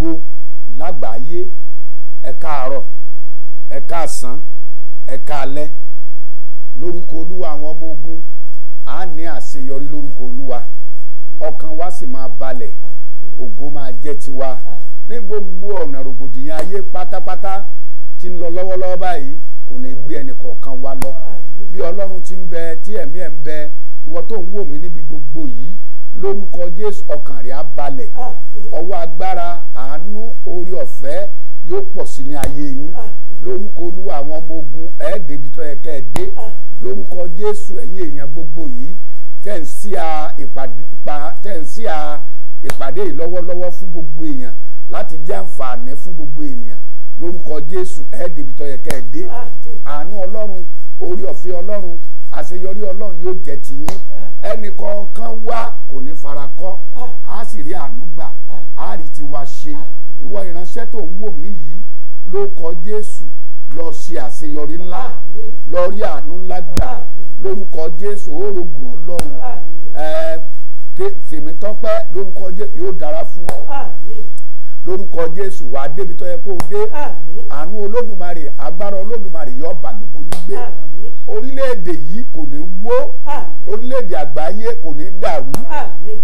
gbogbo lágbàáyé ẹ káàárọ̀ ẹ káàsán ẹ káalẹ́ lórúkọ olúwa àwọn ọmọ ogun a ní àṣeyọrí lórúkọ olúwa ọkàn wa sì máa balẹ̀ ògo máa jẹ́ tiwa ní gbogbo ọ̀nà rògbòdìyàn ayé pátápátá ti ń lọ lọ́wọ́lọ́wọ́ báyìí kò ní gbé ẹnì kọ̀ọ̀kan wa lọ bí ọlọ́run ti ń bẹ tí ẹ̀mí ẹ̀ ń bẹ ìwọ tó ń wò mí níbi gbogbo yìí lórúkọ jésù ọkàn rẹ̀ á balẹ̀ ah, mm-hmm. ọwọ́ agbára àánú orí ọ̀fẹ́ yóò pọ̀ sí ní ayé yín ah, mm-hmm. lórúkọ olúwa àwọn ọmọ ogun ẹ̀ẹ́dẹ́bi tó yẹ kẹ́ ẹ dé ah, mm-hmm. lórúkọ jésù ẹ̀yin èèyàn gbogbo yìí tẹ̀ ń sí a ìpàdé yìí lọ́wọ́lọ́wọ́ fún gbogbo èèyàn láti jẹ́ àǹfààní fún gbogbo ènìyàn lórúkọ jésù ẹ̀ẹ́dẹ́bi tó yẹ kẹ́ ẹ dé àánú ọlọ́run orí ọ̀fẹ́ ọlọ́run àṣeyọrí ọlọ́run yóò jẹ́ tiyín ẹnì kọ̀ọ̀kan wá kò ní fara kọ́ á sì rí àánú gbà á rí tiwa ṣe ìwọ ìránṣẹ́ tó ń wò mí yìí ló kọ Jésù lọ ṣe àṣeyọrí ńlá lọ rí àánú ńlá gbà lórúkọ Jésù ó rògùn ọlọ́run tèmi tọ́pẹ́ lórúkọ Jésù yóò dára fún ọ lórúkọ Jésù wà débi tó kó o dé àánú Olódùmarè agbára Olódùmarè yóò bá gbogbo yín gbé orílẹ̀-èdè yìí kò ní wó orílẹ̀-èdè àgbáyé kò ní dàrú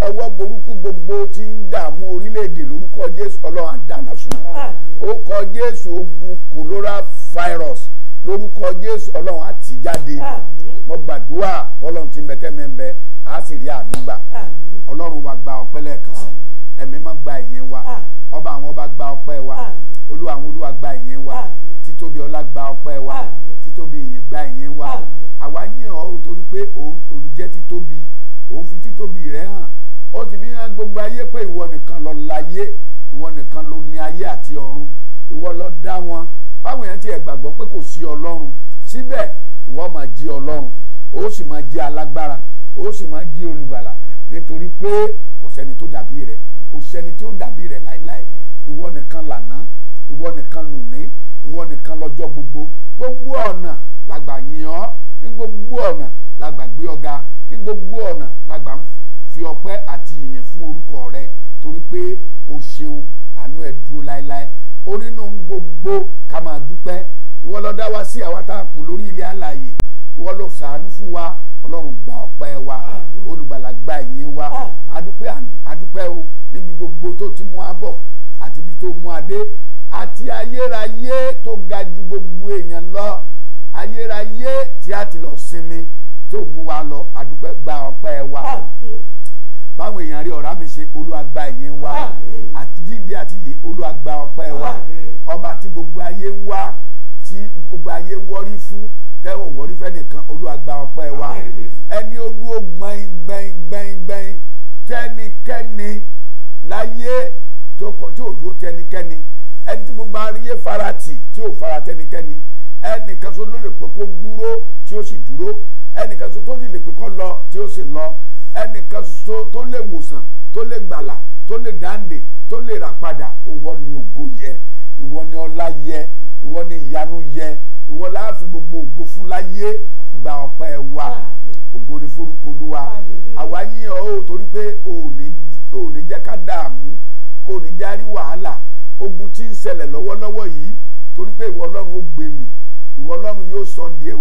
ọwọ́ burúkú gbogbo tí ń dààmú orílẹ̀-èdè lórúkọ Jésù Ọlọ́run àdànà sùn ó kọ Jésù ogun cholera virus lórúkọ Jésù Ọlọ́run á tì jáde mo gbàdúrà bọ́lọ́run tí mẹ́tẹ́mẹ́ńbẹ́ á sì rí àánú Ọlọ́run wa gba ọpẹ́ lẹ́ẹ̀kan sí ẹ̀mí máa gba ìyẹn wa ọba àwọn ọba gba ọpẹ́ wa olúwa àwọn olúwa gba ìyẹn wa títóbi ọlá gba ọpẹ́ wa. ó máa jí ọlọ́run ó sì máa jí alágbára ó sì máa jí olùgbàlà nítorí pé kò sẹ́ni tó dàbí rẹ̀ kò sẹ́ni tí ó dàbí rẹ̀ láéláé ìwọ nìkan lànà ìwọ nìkan lónìí ìwọ nìkan lọ́jọ́ gbogbo gbogbo ọ̀nà ò fara tẹnikẹ́ni só de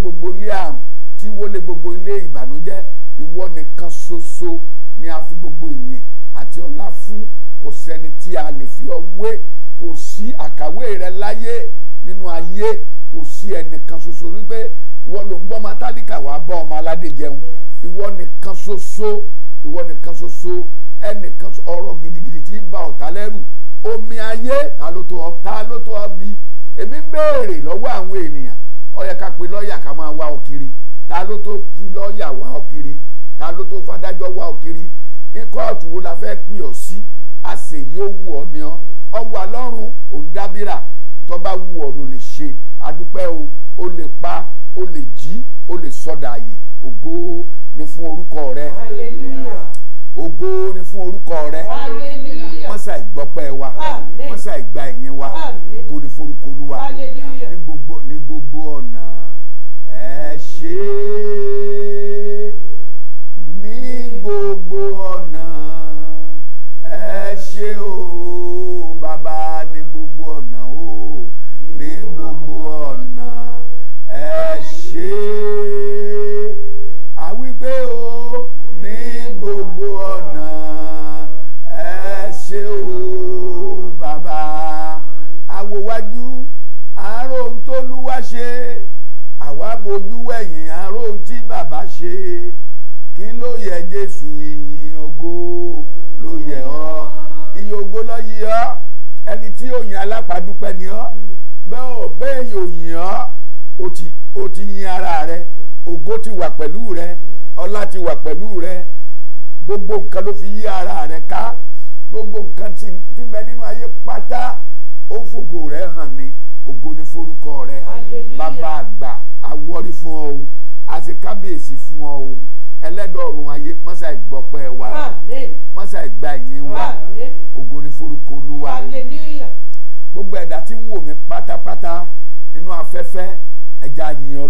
gbogbo ilé àrùn tí wọlé gbogbo ilé ìbànújẹ́ ìwọ nìkan ṣoṣo ni a fi gbogbo ìyìn àti ọlá fún kò sẹ́ni tí a lè fi ọwé kò sí àkàwé rẹ láyé nínú ayé kò sí ẹnìkan ṣoṣo wípé ìwọ ló ń gbọ́ ọmọ tálíkà wàá bá ọmọ aládé jẹun ìwọ nìkan ṣoṣo ìwọ nìkan ṣoṣo ẹnìkan ọ̀rọ̀ gidigidi tí ń ba ọ̀tá lẹ́rù omi ayé ta ló tó ọ bí èmi ń béèrè lọ́wọ́ àwọn ènìyàn ó yẹ ká pe lọ́ọ̀yà ká máa wá ọ kiri ta ló tó fi lọ́ọ̀yà wá ọ kiri ta ló tó fadájọ́ wá ọ kiri ní kóòtù wo la fẹ́ pè ọ́ sí àṣẹ yóò wù ọ́ ni ọ́ ọ wà lọ́rùn òun dábìrà tó bá wù ọ́ ló lè ṣe adúpẹ́ o ó lè pa ó lè jí ó lè sọdà àyè ògo ni fún orúkọ rẹ ògo ni fún orúkọ rẹ wọ́n ṣàìgbọ́pẹ́ wa wọ́n ṣàìgbà ẹ̀yìn wa ògo ni fún orúkọ olúwa. ṣe é ní gbogbo ọ̀nà ẹ ṣé o bàbá ní gbogbo ọ̀nà o ní gbogbo ọ̀nà ẹ ṣé. yẹ Jésù ìyìn ògo ló yẹ ọ́ ìyìn ògo ló yẹ ọ́ ẹni tí ó yin alápàdúpẹ́ ni ọ́ bẹ́ẹ̀ ò bẹ́ẹ̀ yóò yìn ọ́ o ti yin ara rẹ ògo ti wà pẹ̀lú rẹ ọlá ti wà pẹ̀lú rẹ gbogbo nǹkan ló fi yí ara rẹ ká gbogbo nǹkan tí bẹ nínú ayé pátá. fẹ́ ẹja yìn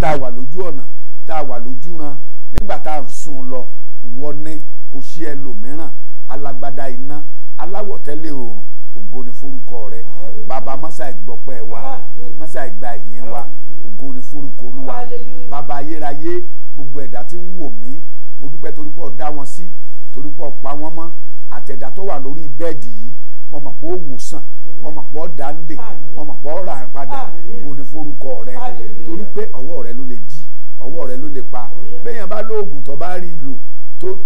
tá a wà lójú ọ̀nà tá a wà lójú.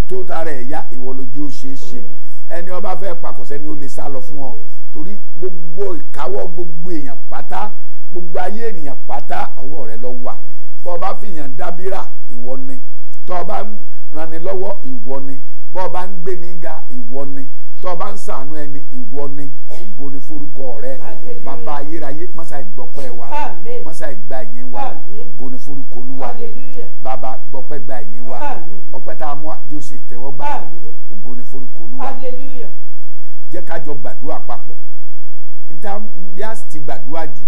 tó tara ẹ̀ yá ìwọ lójú ó ṣeé ṣe ẹni ọba fẹ́ pakọ̀sẹ́ ni ó lè sá lọ fún ọ torí gbogbo ìkáwọ́ gbogbo èèyàn pátá gbogbo ayé ènìyàn. papọ̀ ìta bí a sì ti gbàdúrà jù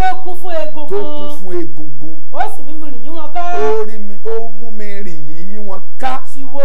tí ó kún fún egungun tó kún fún egungun ó sì mímú rìn yí wọn ká ó rí mi ó mú mi rìn yí wọn ká tìwó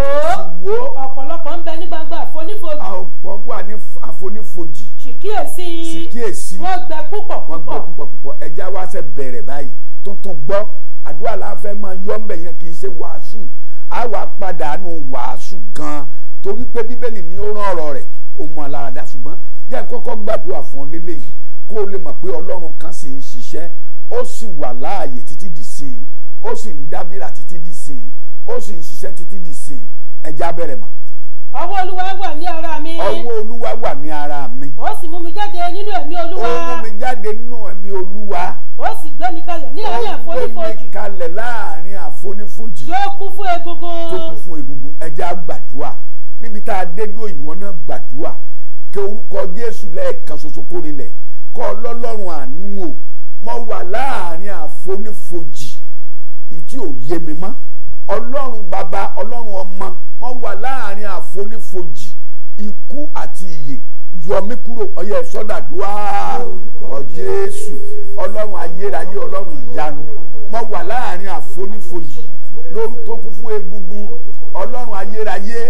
ọ̀pọ̀lọpọ̀ ń bẹ ní gbangba àfonífojì ọ̀pọ̀ wà ní àfonífojì ṣìkíyèsí ṣìkíyèsí wọ́n gbẹ púpọ̀ púpọ̀ wọ́n gbẹ púpọ̀ púpọ̀ ẹja wa ṣe bẹ̀rẹ̀ báyìí tuntun gbọ́ àdúrà la fẹ́ máa yọ ńbẹ̀ yẹn kì í ṣe wàásù á wà padà wàásù gan torí pé bíbélì ni ó rán ọ̀rọ̀ rẹ̀ ó mọ aláradá ṣùgbọ́n jẹ́ kọ́kọ́ gbàdúrà fún lélẹ́yìí kó o lè mọ̀ pé ọlọ́run kan sì ń ṣiṣẹ́ ó sì wà láàyè títí dì sí i ó sì ń dábìrà títí dì sí i ó sì ń ṣiṣẹ́ títí dì sí i ẹja bẹ̀rẹ̀ mọ́. ọwọ́ olúwa wà ní ara mi. ọwọ́ olúwa wà ní ara mi. ó sì mú mi jáde nínú ẹ̀mí olúwa. ó mú mi jáde nínú ẹ̀mí olúwa. ó sì gbé mi kalẹ̀ ní àárín àfonífojì. ó gbé mi kalẹ̀ láàárín àfonífojì. tí ó kún fún egungun. tó kún fún egungun ẹja gbàdúrà níbi tá a dé dúró ìwọ náà gbàdúrà kí orúkọ jésù lẹ́ẹ̀kan ṣoṣo kórìlẹ̀ pọ̀ lọ́lọ́run àánú o mo wà láàrin àfonífojì ìdí ò yé mi mọ́ ọlọ́run bàbá ọlọ́run ọmọ mo wà láàrin àfonífojì ikú àti ìyè yọ mí kúrò ọyẹ sọdàdúrà ọ Jésù ọlọ́run ayérayé ọlọ́run ìyanu mo wà láàrin àfonífojì lórí tó kún fún egungun ọlọ́run ayérayé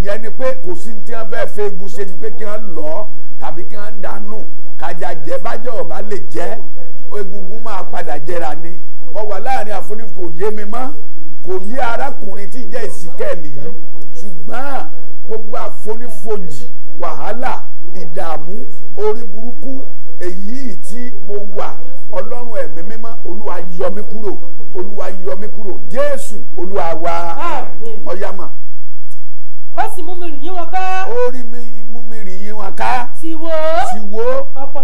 ìyẹn ni pé kò sí ní tí wọ́n fẹ́ fẹ́ egun ṣe ni pé kí wọ́n lọ tàbí kí wọ́n dànù bájọ́ ọ̀bá lè jẹ́ egungun máa padà jẹra ni mo wà láàrin àfonífò kò yé mi mọ́ kò yé arákùnrin tí ń jẹ́ ìsìnkẹ́ẹ̀lì yìí ṣùgbọ́n gbogbo àfonífojì wàhálà ìdààmú orí burúkú èyí tí mo wà ọlọ́run ẹ̀mí mímọ́ olúwa yọ mí kúrò olúwa yọ mí kúrò jésù olúwa wa ọ̀yàmà. ó sì mú mi rìn yín wọn ká. ó mi mú mi rìn yín wọn ká. tiwo. tiwo.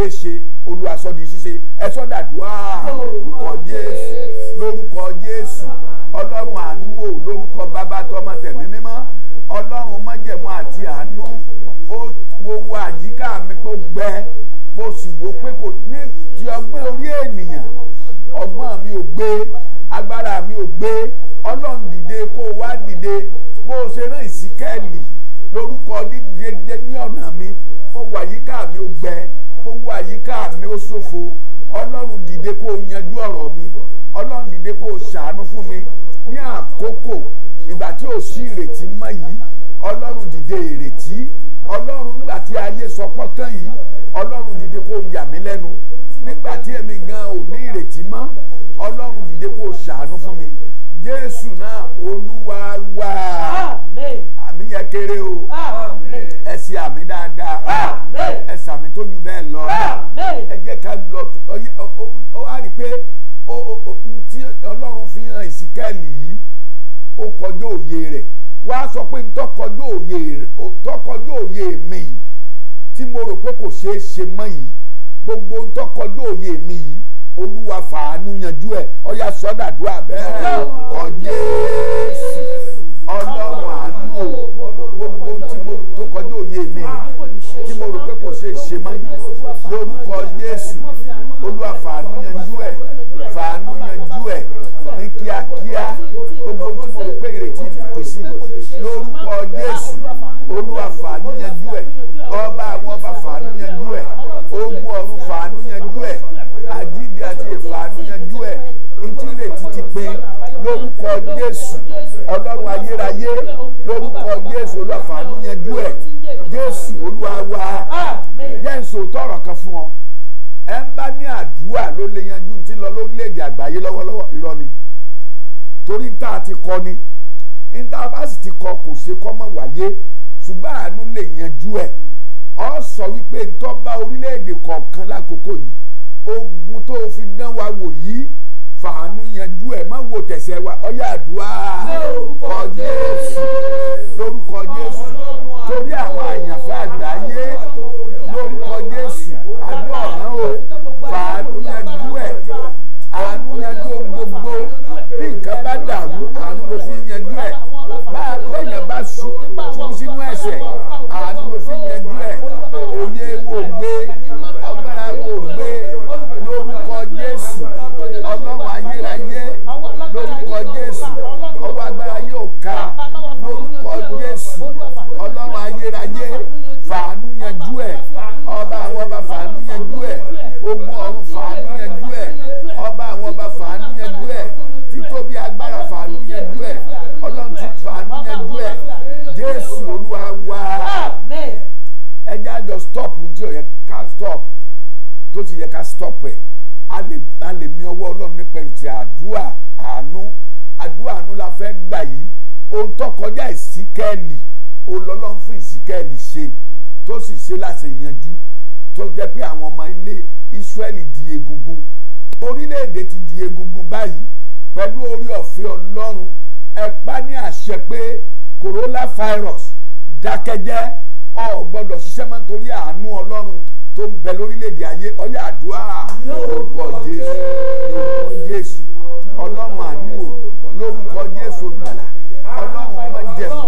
ṣeé ṣe olúwa sọ di ṣíṣe ẹ sọ dàdúrà. Oh, tọkọjú òye mi yìí tí mo rò pé kò ṣeé ṣe mọ́ yìí gbogbo tọkọjú òye mi yìí olúwa fàánú yanjú ẹ ọyà sọdàdúrà bẹ́ẹ̀ ọjẹ ọlọ́run àánú torí n tá a ti kọ ni n tá bá sì ti kọ kò ṣe kọ́ mọ́ wáyé ṣùgbọ́n àánú lè yanjú ẹ̀ ọ sọ wípé ntọ́ba orílẹ̀-èdè kọ̀ọ̀kan lákòókò yìí ogun tó fi dán wa wò yìí fàánú yanjú ẹ̀ má wo tẹ̀sẹ̀ wa ọyá àdúrà lórúkọ Jésù lórúkọ Jésù torí àwọn àyàn. ń torí àánú ọlọ́run tó ń bẹ lórílẹ̀‐èdè ayé ọyá àdúrà lórúkọ jésù lórúkọ jésù ọlọ́run àánú o lórúkọ jésù gbàlà ọlọ́run má jẹ̀mú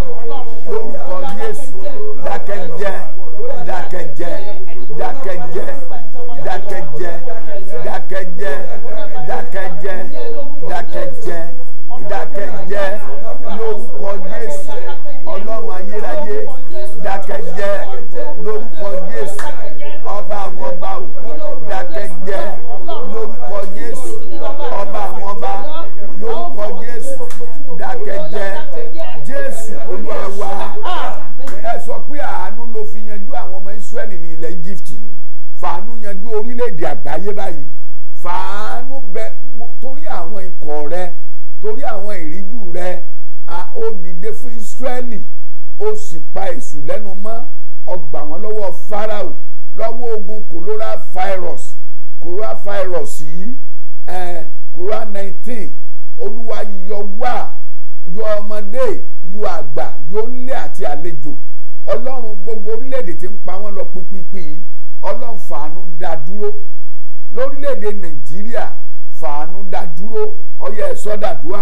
lórúkọ jésù dákẹ́jẹ́ dákẹ́jẹ́ dákẹ́jẹ́ dákẹ́jẹ́ dákẹ́jẹ́ dákẹ́jẹ́ dákẹ́jẹ́ dákẹ́jẹ́. ayé báyìí fàánú bẹ torí àwọn ikọ̀ rẹ torí àwọn ìríjú rẹ ó dìde fún Ísírẹ́lì ó sì pa èṣù lẹ́nu mọ́ ọgbà wọn lọ́wọ́ Fáráò lọ́wọ́ ogun kòlóra virus kòlóra virus yìí kòlóra nineteen olúwa yọ wá yọ ọmọdé yọ àgbà yọ nílé àti àlejò ọlọ́run gbogbo orílẹ̀-èdè tí ń pa wọ́n lọ pípípí ọlọ́run fàánú dá dúró orílẹ̀-èdè nàìjíríà fàánú dá dúró ọyẹ sọ́dà dúró.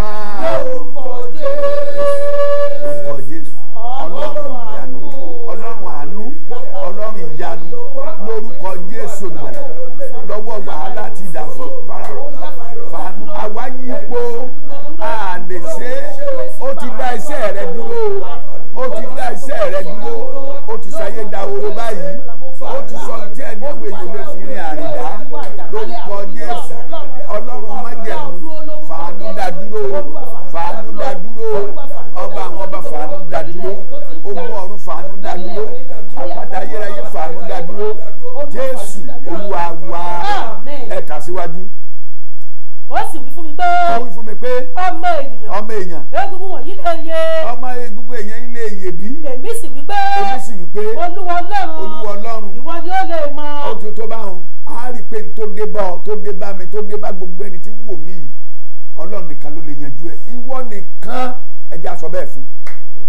ìwọ nìkan ẹja sọ bẹ́ẹ̀ fún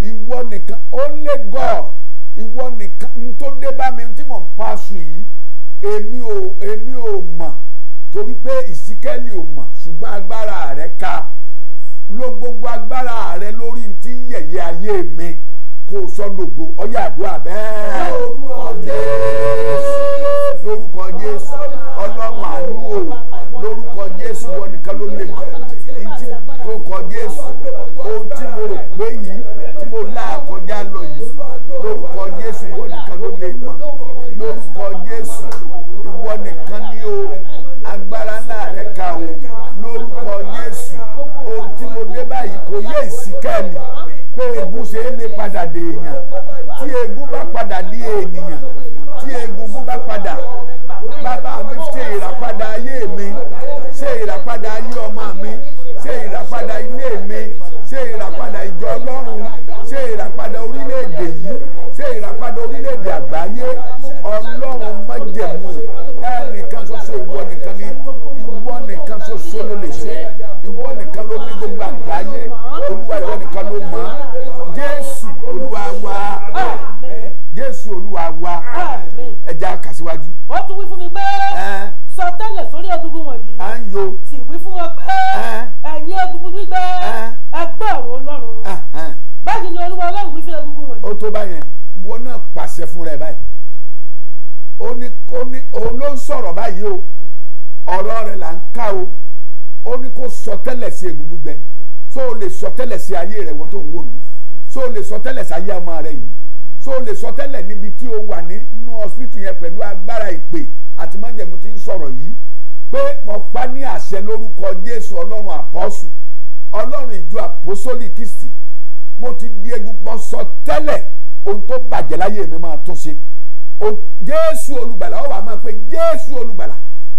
ìwọ nìkan only God ìwọ nìkan n tó dé bá mi tí mò ń paṣu yìí èmi ò èmi ò mọ̀ torí pé ìsíkẹ́lì ò mọ̀ ṣùgbọ́n agbára rẹ̀ ka ló gbogbo agbára rẹ̀ lórí ti ń yẹ̀yẹ́ ayé mi kò sọ́dọ̀gbò ọyá àdúrà bẹ́ẹ̀. síwájú. ó tún wí fún mi pé sọ tẹ́lẹ̀ sórí egungun wọ̀nyí sì wí fún wọn pé ẹ̀yin egungun gbígbẹ ẹgbẹ́ ọ̀rọ̀ ọlọ́run báyìí ni olúwa ọlọ́run wí fún egungun wọ̀nyí. ó tó báyẹn wọn náà pàṣẹ fún rẹ báyìí ó ní ó ní òun ló ń sọ̀rọ̀ báyìí o ọ̀rọ̀ rẹ̀ là ń ká o ó ní kó sọ tẹ́lẹ̀ sí egungun gbígbẹ so o lè sọ tẹ́lẹ̀ sí ayé rẹ wọ́n tó ń wò mí so o lè sọ tẹ́lẹ̀ sí ayé ọmọ rẹ yìí so lè sọ tẹ́lẹ̀ níbi tí o wà nínú hospital yẹn pẹ̀lú agbára ìpè àti májẹ̀mú tí ń sọ̀rọ̀ yìí pé mo pa ní àṣẹ lórúkọ Jésù Ọlọ́run àpọ́sù Ọlọ́run ìjọ àpọ́sólì Kristi mo ti di egun pọ́n sọ tẹ́lẹ̀ ohun tó bàjẹ́ láyé mi máa tún ṣe Jésù olùgbàlà ó wá máa pe Jésù olùgbàlà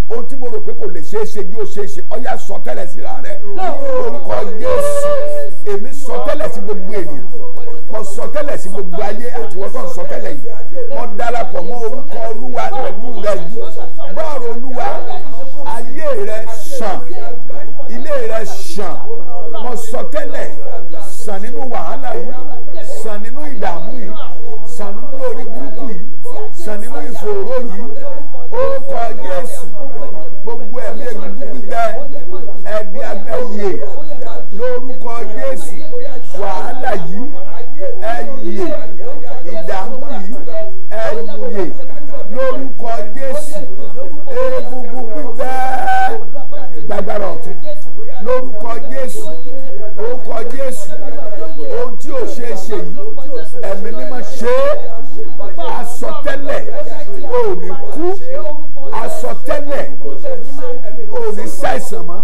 ohun tí mo rò pé kò lè ṣeé ṣe yóò ṣeé ṣe ọyà sọ tẹ́lẹ̀ síra rẹ lórúkọ Jésù èmi sọ tẹ́lẹ̀ sí gbogbo ènìyàn sọ tẹ́lẹ̀ sí gbogbo ayé àti wọ́n tó ń sọ tẹ́lẹ̀ yìí wọ́n darapọ̀ mọ́ orúkọ olúwa pẹ̀lú rẹ yìí bọ́ọ̀rọ̀ olúwa ayé rẹ sàn ilé rẹ sàn mo sọ tẹ́lẹ̀ sàn nínú wàhálà yìí sàn nínú ìdààmú yìí sàn nínú orí burúkú yìí sàn nínú ìfòòró yìí agbára ọ̀tún lórúkọ Jésù orúkọ Jésù ohun tí ò ṣe é ṣe yìí ẹ̀mí mímọ́ ṣe é àsọtẹ́lẹ̀ ò ní kú àsọtẹ́lẹ̀ ò ní ṣàìsàn mọ́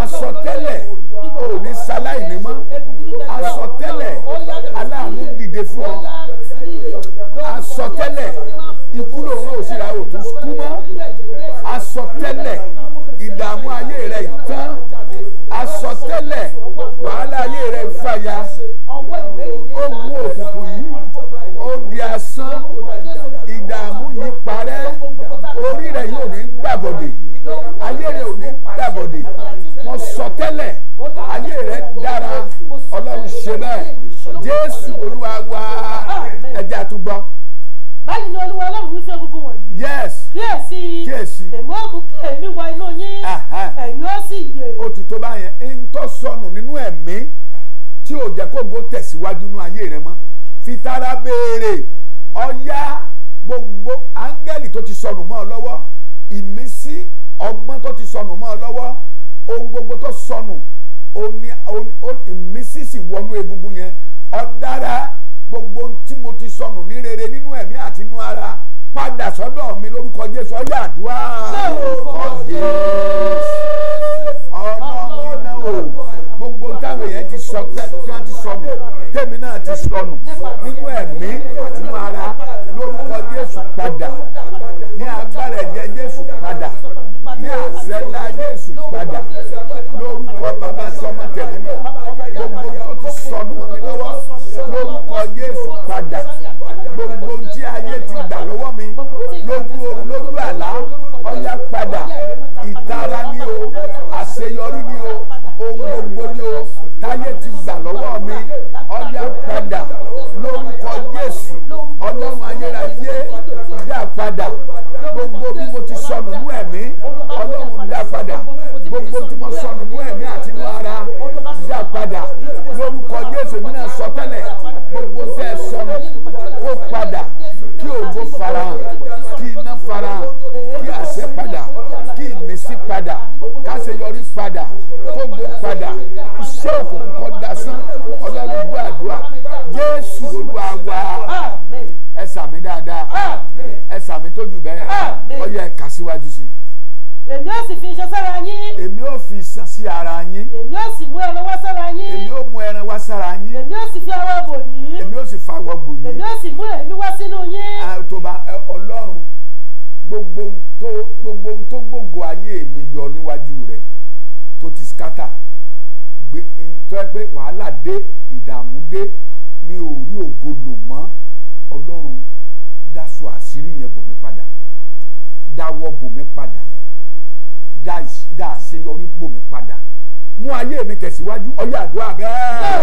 àsọtẹ́lẹ̀ ò ní ṣaláìní mọ́ àsọtẹ́lẹ̀ aláàánú dìde fún ọ àsọtẹ́lẹ̀ ikú lòun ò síra ò tún kú mọ́ àsọtẹ́lẹ̀. lẹ̀ wàhálà ayé rẹ̀ ń fàya ogun òkùnkùn yìí ó di asán ìdààmú yìí parẹ́ orí rẹ̀ yóò ní gbàbọ̀dè ayé rẹ̀ ò ní gbàbọ̀dè mo sọ tẹ́lẹ̀. kíyèsí kíyèsí èmi ó mú kí èmi wọ inú yín ẹ̀yin ó sì yè. ó ti tó báyẹn ń tọ́ sọnù nínú ẹ̀mí tí ò jẹ́ kó gbó tẹ̀síwájú nínú ayé rẹ mọ́ fi tara béèrè ọ̀yá gbogbo áńgẹ́lì tó ti sọnù mọ́ ọ lọ́wọ́ ìmísí ọgbọ́n tó ti sọnù mọ́ ọ lọ́wọ́ ohun gbogbo tó sọnù sọ́dọ̀ mi lórúkọ Jésù ọyá àdúrà. lórúkọ Jésù. sì fi iṣan sára yín. èmi ó fi iṣan sí ara yín. èmi ó sì mú ẹran wá sára yín. èmi ó mú ẹran wá sára yín. èmi ó sì fi awọ bò yín. èmi ó sì fa awọ bò yín. èmi ó sì mú èmi wá sínú yín. àtòbá ọlọ́run gbogbo tó gbogbo tó gbogbo ayé mi yọ níwájú rẹ̀ tó ti skata gbé tó yẹ pé wàhálà dé ìdààmú dé mi ò rí ògo lò mọ́ ọlọ́run dáṣọ àṣírí yẹn bò mí padà dáwọ́ bò mí padà dá àṣeyọrí gbòmí padà mú ayé mi tẹ̀síwájú ọyọ́ àdúrà bẹ́ẹ̀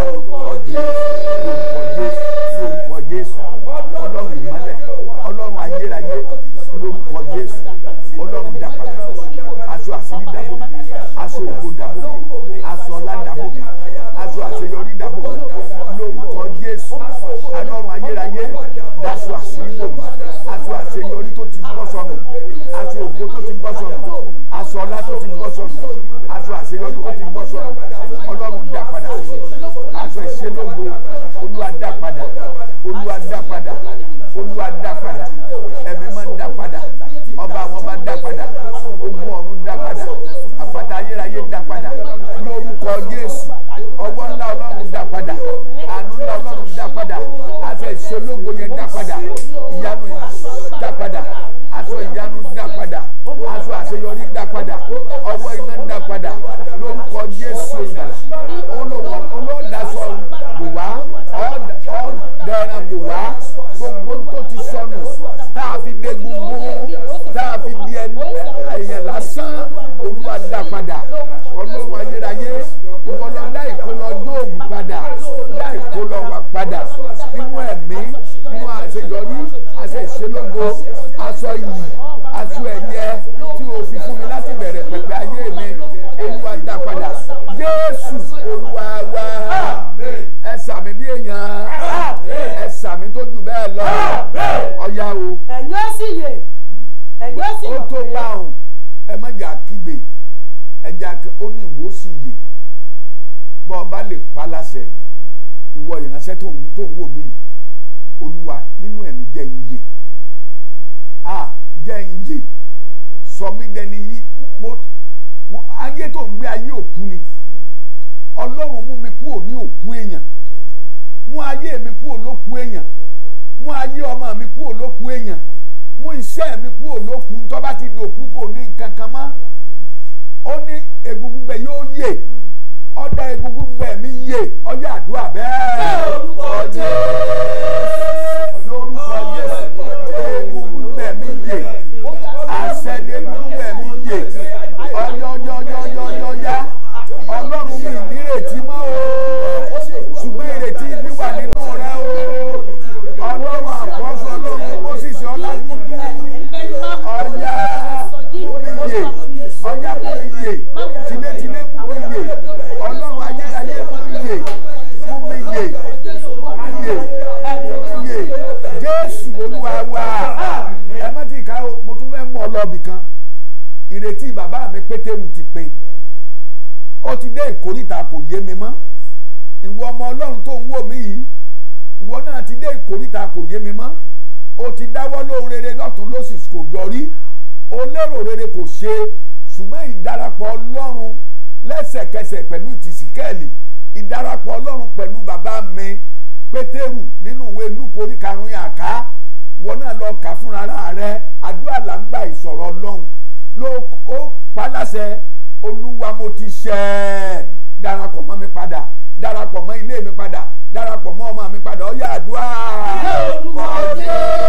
lórúkọ Jésù lórúkọ Jésù ọlọ́run ìmọ́lẹ̀ ọlọ́run ayérayé lórúkọ Jésù ọlọ́run dàpàdà aṣọ àṣírí dàbò aṣọ ògo dàbò aṣọ ọlá dàbò aṣọ àṣeyọrí dàbò lórúkọ Jésù ọlọ́run ayérayé daṣọ àṣírí bò aṣọ àṣeyọrí tó ti bọ́ sọnù aṣọ ògo tó ti bọ́ sọnù aṣọ ọlá tó ti bọ́ sọnù aṣọ àṣeyọrí tó ti bọ́ sọnù ọlọ́run dá padà aṣọ ìṣelógo olúwa dá padà olúwa dá padà olúwa dá padà ẹ̀mí máa ń dá padà ọba àwọn ọba dá padà ogun ọ̀run dá padà àpáta ayérayé dá padà lórúkọ Jésù ọwọ́ ńlá ọlọ́run dá padà àánú ńlá ọlọ́run dá padà aṣọ ìṣelógo yẹn dá padà ìyanu dá padà aṣọ ìyanu dá padà aṣọ àṣeyọrí. Pregunta. bá lè pa láṣẹ ìwọ ìránṣẹ́ tó ń tó ń wò mí yìí olúwa nínú ẹ̀mí jẹ́ ń yè ah jẹ́ ń yè sọ mí dẹni yí mo ayé tó ń gbé ayé òkú ni ọlọ́run mú mi kúrò ní òkú èèyàn mú ayé mi kúrò lókú èèyàn mú ayé ọmọ mi kúrò lókú èèyàn mú iṣẹ́ mi kúrò lókú tó bá ti dòkú kò ní nǹkan kan mọ́ ó ní egungun. yàdúrà bẹ́ẹ̀. ó ti dé ìkóríta kò yé mi mọ́ ìwọ ọmọ ọlọ́run tó ń wò mí yìí ìwọ náà ti dé ìkóríta kò yé mi mọ́ o ti dáwọ́ lóhun rere lọ́tún lósì kò yọrí o lérò rere kò ṣe ṣùgbọ́n ìdarapọ̀ ọlọ́run lẹ́sẹ̀kẹsẹ̀ pẹ̀lú ìtìsíkẹ́ẹ̀lì ìdarapọ̀ ọlọ́run pẹ̀lú bàbá mi pétérù nínú ìwé lúkọ orí karùn-ún àká wọn náà lọ kà fúnra rẹ àdúrà là ń gbà ìsọ̀rọ̀ ọlọ́run ló ó pa láṣẹ olúwa mo ti ṣẹ̀ darapọ̀ mọ́ mi padà darapọ̀ mọ́ ilé mi padà darapọ̀ mọ́ ọmọ mi padà ó àdúrà. ilé olúwa jẹ́.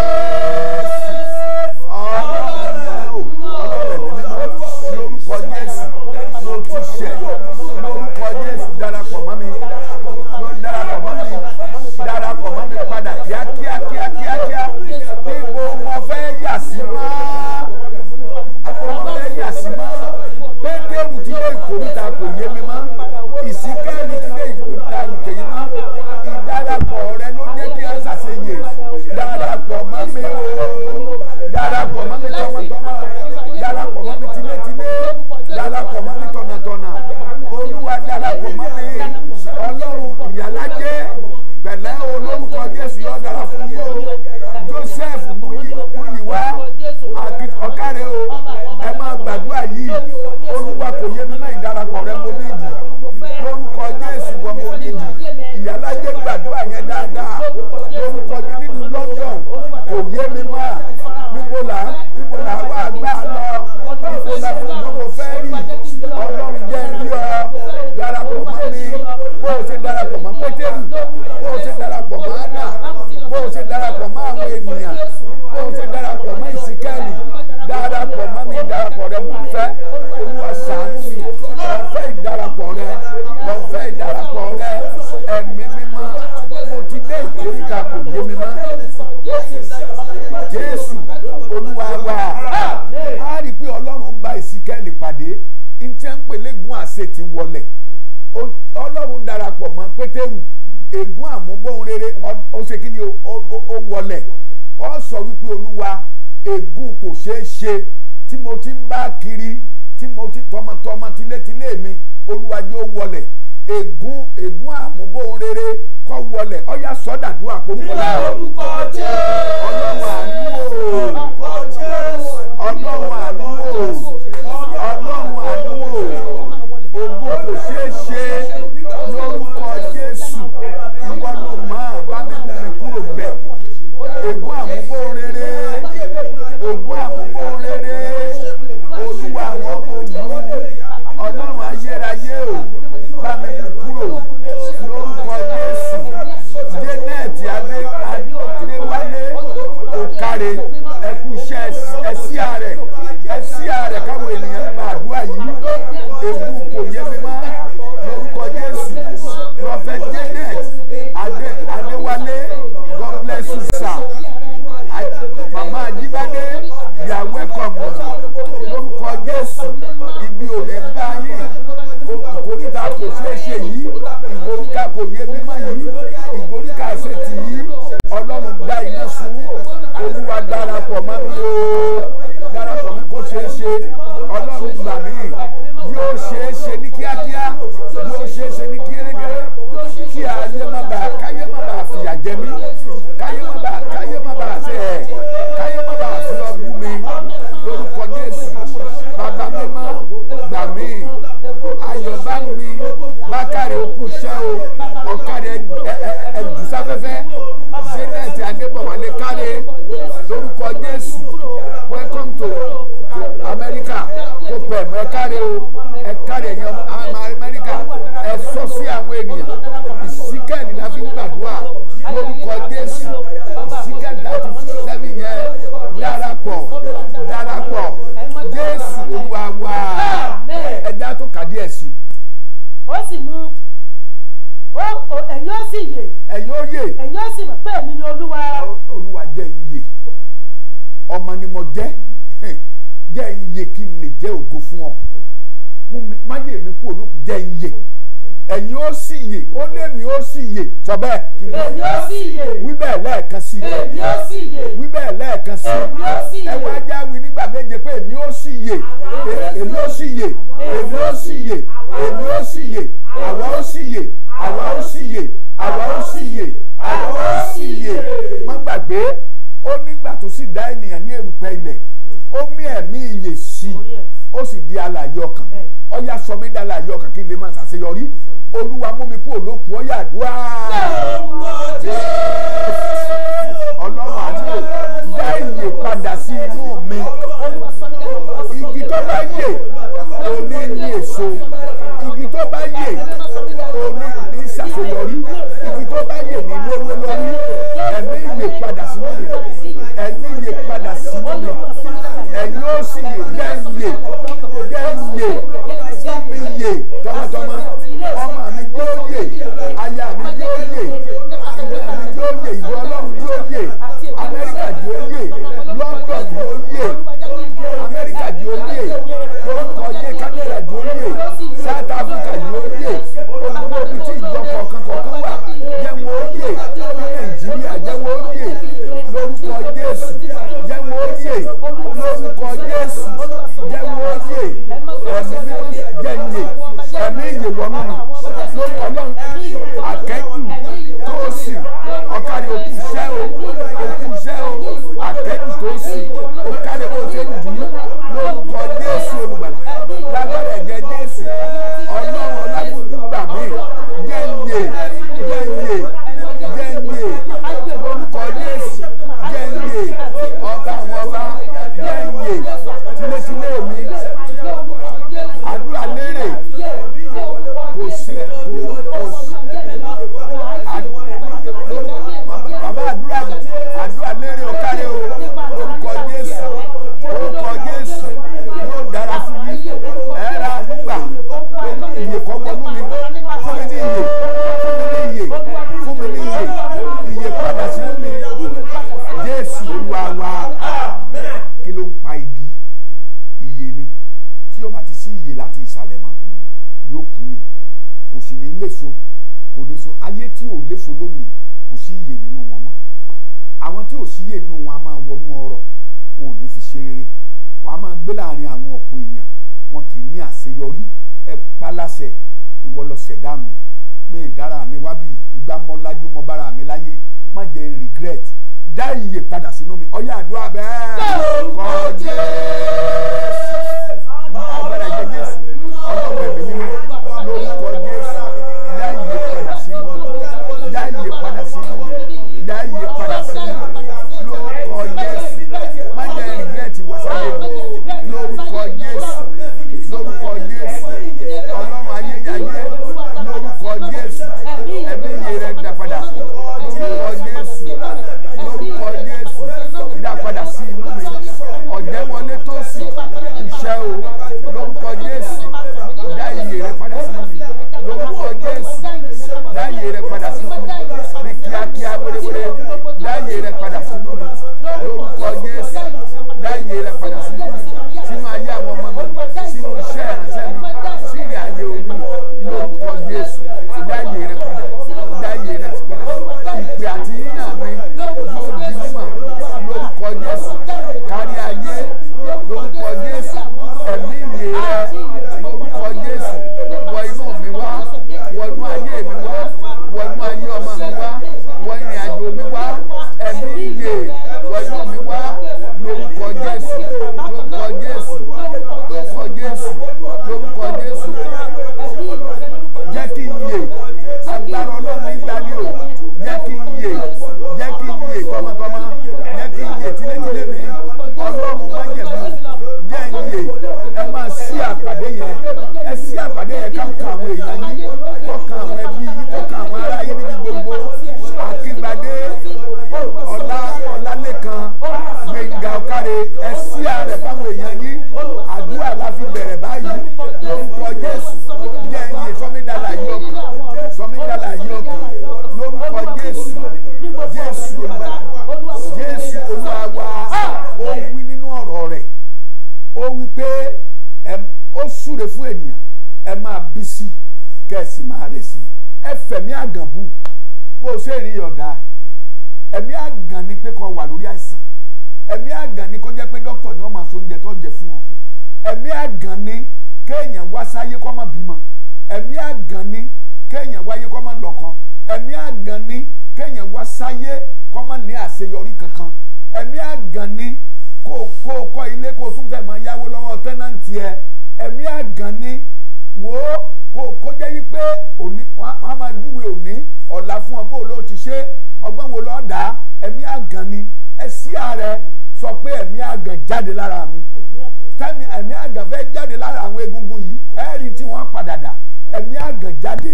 jáde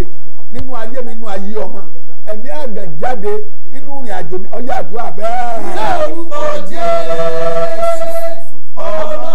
nínú ayé mi nínú ayé ọmọ ẹ̀mí àgàn jáde nínú ìrìn àjò mi ọyá àdúrà bẹ́ẹ̀. ní Jésù ọlọ́run.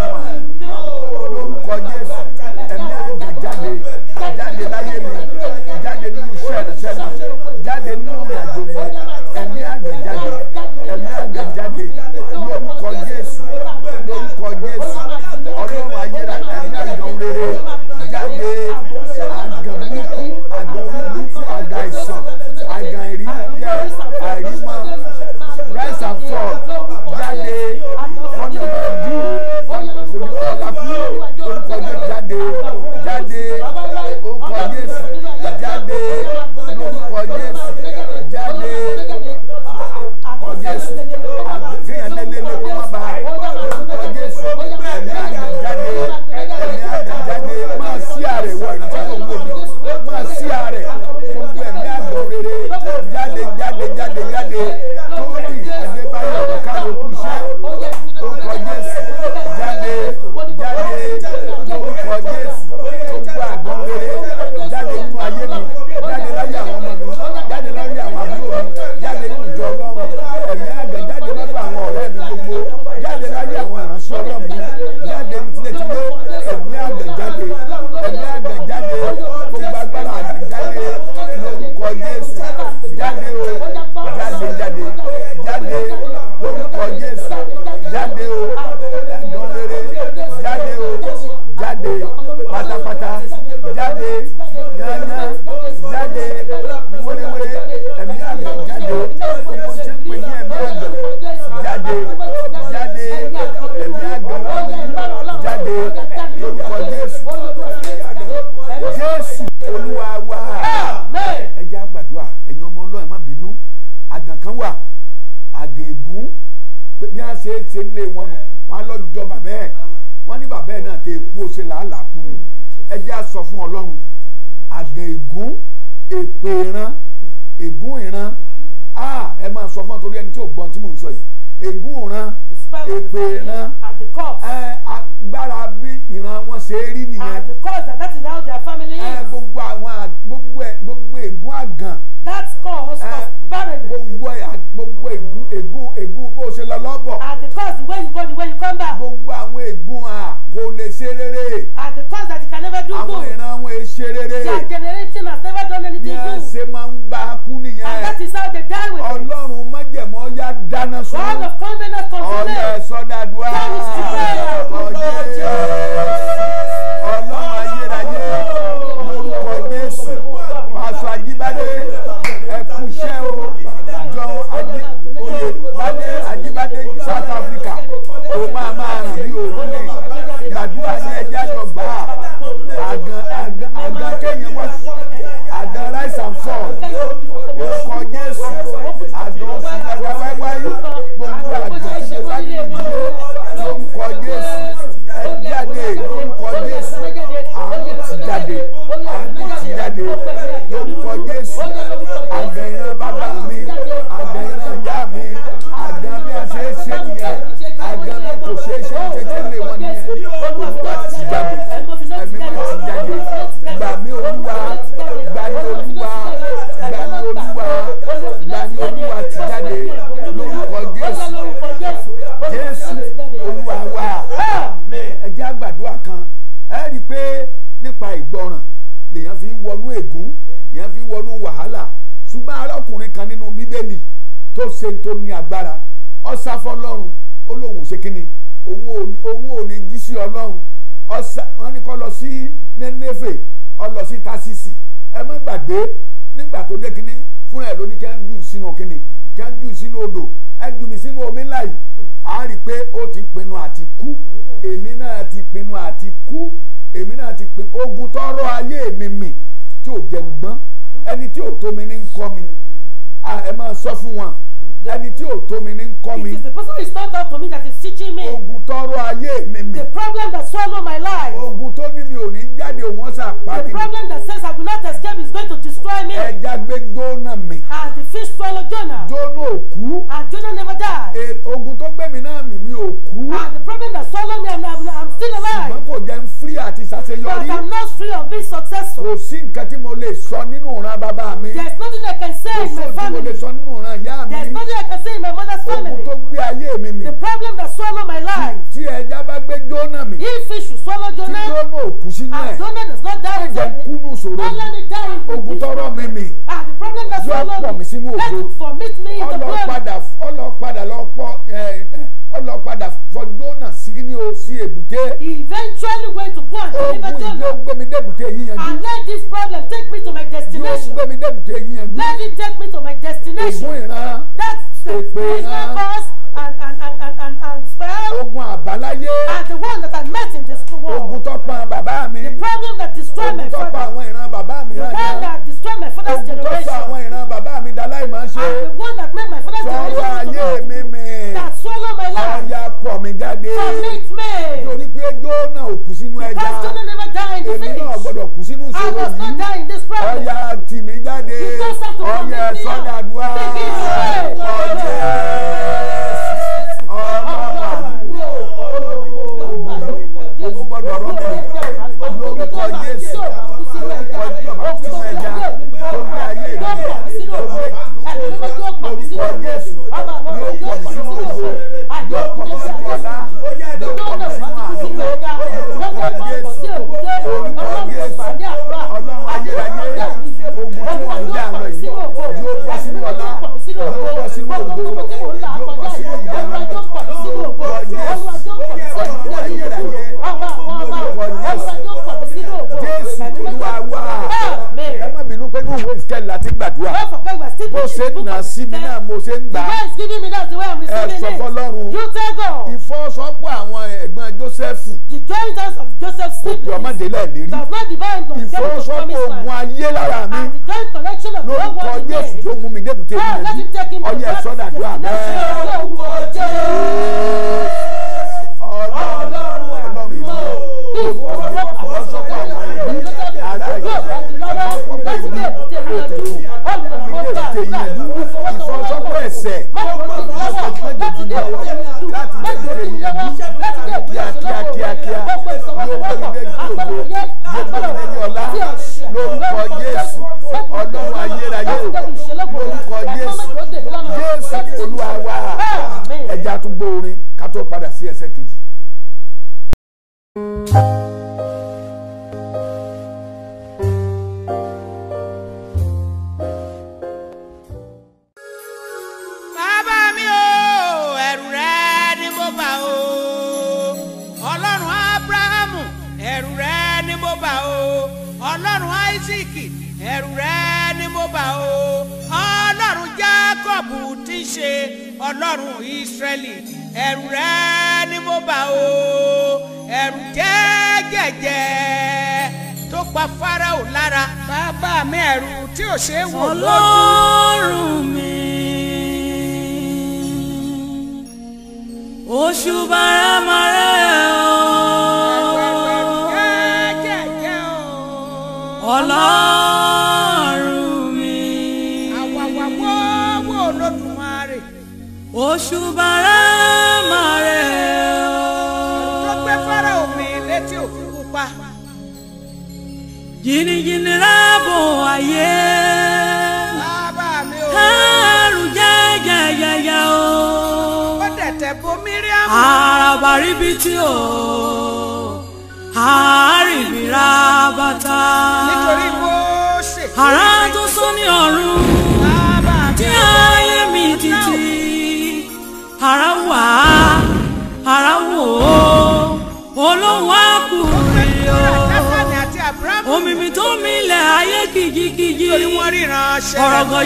follow my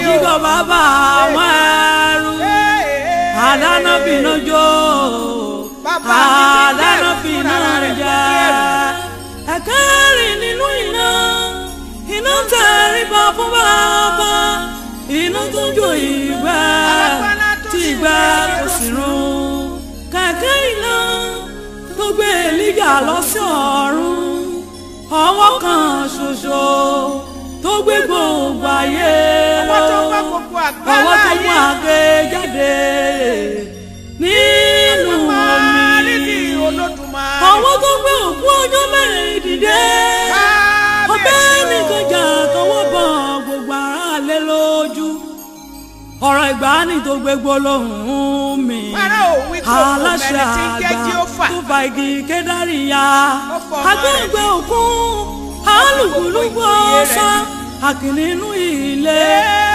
àjíkọ̀ bàbá àwọn ẹrú àdáná bínú jó àdáná bínú jẹ ẹ̀kẹ́rì nínú iná iná tẹ̀rí bá fún bàbá iná tó jó ìgbà tí ìgbà kò sì run kẹ̀kẹ́ iná tó gbé Èlíjà lọ sí ọ̀run ọwọ́ kan ṣoṣo tó gbé gbòǹgbò ayé lọ ọwọ́ tó mú àgbé jáde nínú omi ọwọ́ tó gbé òkú ọjọ́ mẹ́rin dìde ọbẹ̀ nìkan jà tọwọ́ bọ̀ gbogbo ara lé lójú ọ̀rọ̀ ìgbàanì tó gbé gbólóhùn mi aláṣẹ àgbà tó fa igi kédárì ya agbẹ́gbẹ́ òkun alùpùpù ọ̀sà àkìlì inú ilé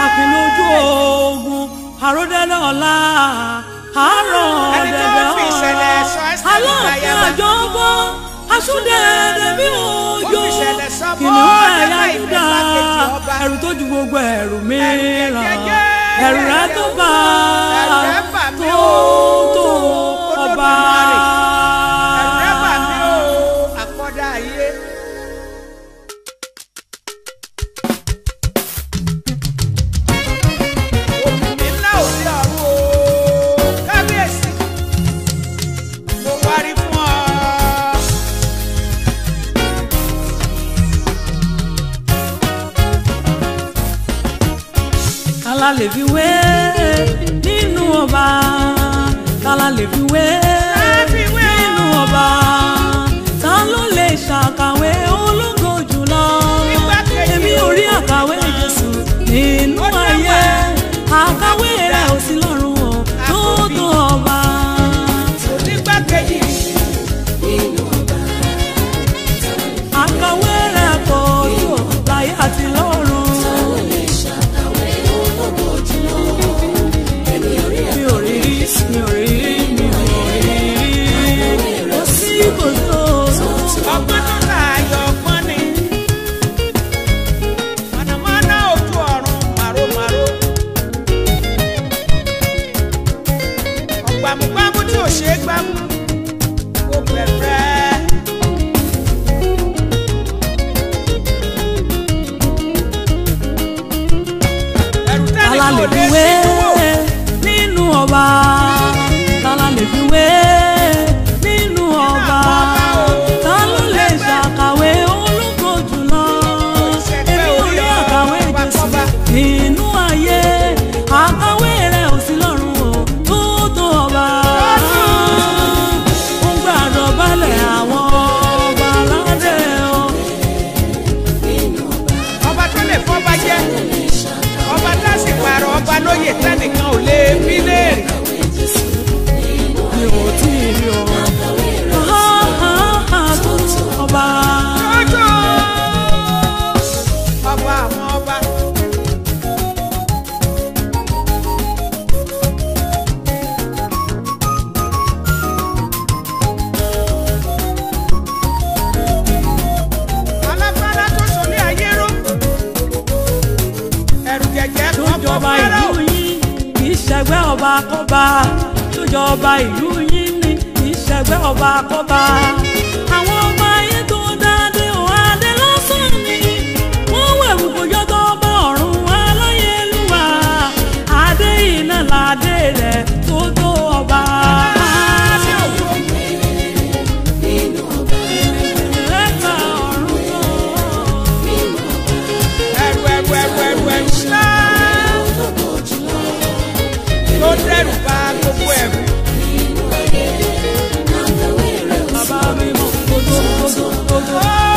àkìlì ojú ogun àròdẹ́dẹ́ ọ̀la àárọ̀ ọ̀dẹ̀dẹ̀ ọ̀la aláàfin àjọ̀bọ̀ asúndẹ̀ẹ̀dẹ̀ bí òjò kìnìún ẹ̀yà yúdà ẹ̀rù tó ju gbogbo ẹ̀rù mìíràn ẹ̀rù rẹ̀ tó bá tó tó ọba. ta lè fi wé nínú ọba ta la lè fi wé. Wow. ọba ìlú yín ní ìṣẹ̀gbẹ́ ọba kọ́ba. oh, oh, oh, oh.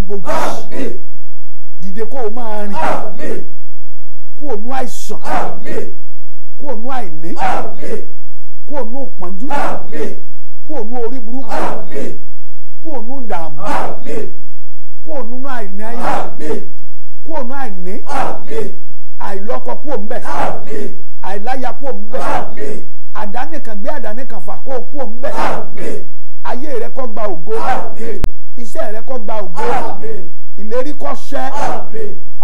borí gbogbo dìde kó o máa rìn kó o nú àìsàn kó o nú àìní kó o nú òpọ́njú kó o nú orí burúkú kó o nú dààmú kó o nú àìní ayé kó o nú àìní àìlọ́kọ kó o ń bẹ̀ àìláya kó o ń bẹ̀ àdánìkan gbé àdánìkan fà kó o kó o ń bẹ̀ ayé rẹ kó gba ògo iṣẹ́ rẹ kó gba ògo ìlérí kó ṣẹ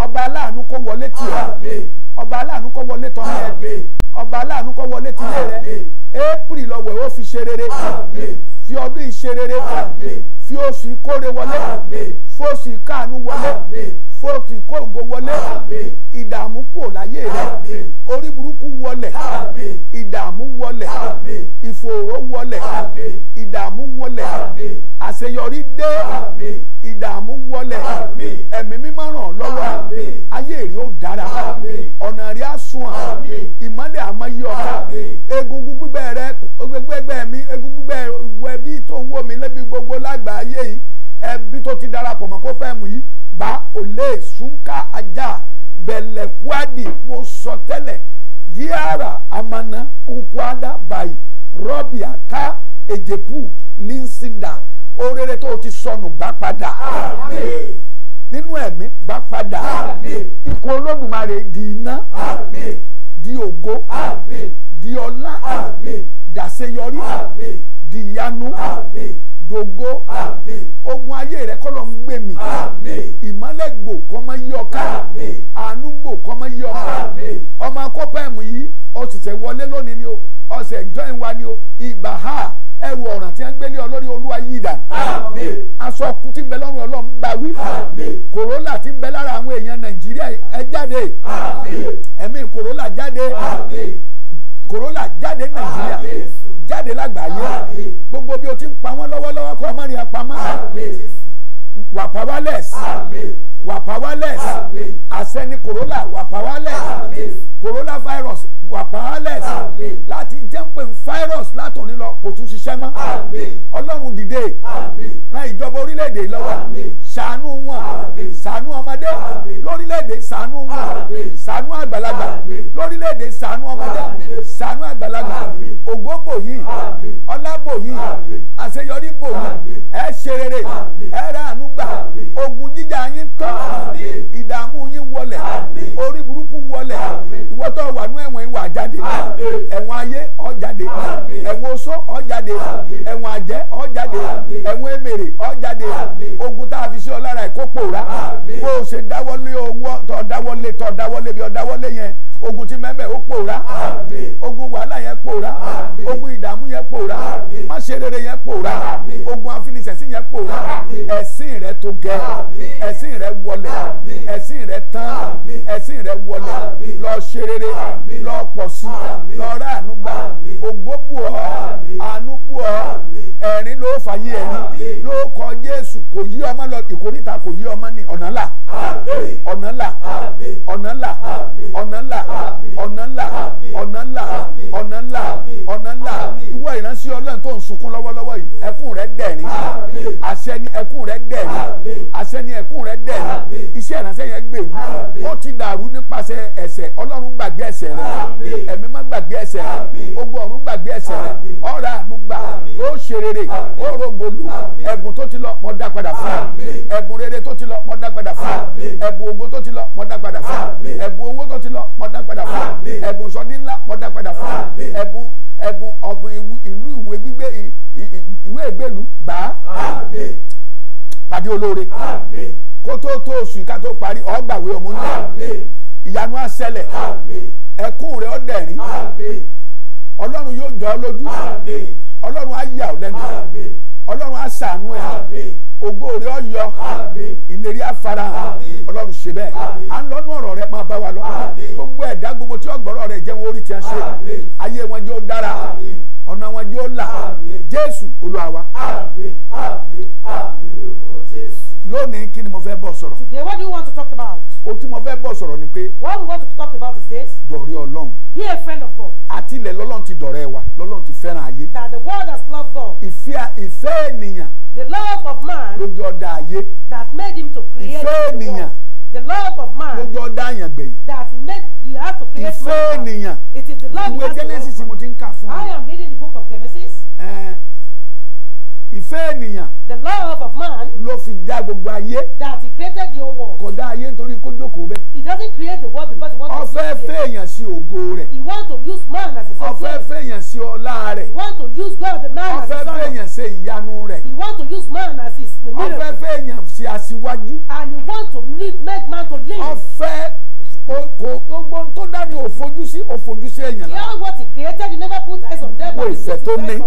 ọba aláàánú kó wọlé tiẹ̀ ọba aláàánú kó wọlé tọ́ rẹ ọba aláàánú kó wọlé tilé rẹ éèpìrì lọ́wọ́ ó fi ṣe rere fi ọdún ìṣe rere fi oṣù ìkórè wọlé fóṣù ìkáàánú wọlé fóòtù ìkóògó wọlé ìdààmú kúrò láyé rẹ orí burúkú wọlẹ̀ ìdààmú wọlẹ̀ ìfòòró wọlẹ̀ ìdààmú wọlẹ̀ àṣeyọrí Hallelujah. olúwa wa. àmín àmín àmín lórúkọ jésù. lónìí kí ni mo fẹ́ bọ̀ sọ̀rọ̀. today what do you want to talk about. ohun tí mo fẹ́ bọ̀ sọ̀rọ̀ ni pé. what we want to talk about is this. dọ̀rẹ́ ọlọ́run. be a friend of God. àti ilẹ̀ lọ́lọ́run ti dọ̀rẹ́ wa lọ́lọ́run ti fẹ́ràn ayé. that the world has loved God. ìfẹ́ ìfẹ́ ènìyàn. the love of man. ló jọ dá ayé. that made him to create the world. ìfẹ́ ènìyàn. the love of man. ló jọ dá àyàn gbẹ̀yìn. that he made he have to create man. ìfẹ́ ènìyàn. it is the love you have to work for. love of man. ló fi dá gbogbo ayé. that he created the whole world. kò ayé nítorí kó jókòó bẹ́ẹ̀. he doesn't create the world because he wants to use man. ọfẹ́ fẹ́yàn sí ògo rẹ̀. he wants to use man as his own. ọfẹ́ fẹ́yàn sí ọlá rẹ̀. he wants to use God the man as his own. ọfẹ́ fẹ́yàn sí ìyanu rẹ̀. he wants to use man as his miracle. ọfẹ́ fẹ́yàn sí aṣíwájú. and he wants to make man to live. ọfẹ́ kò gbogbo tó dání òfojú sí òfojú he all what he created he never put eyes on them. wọ́n ìfẹ́ tó ní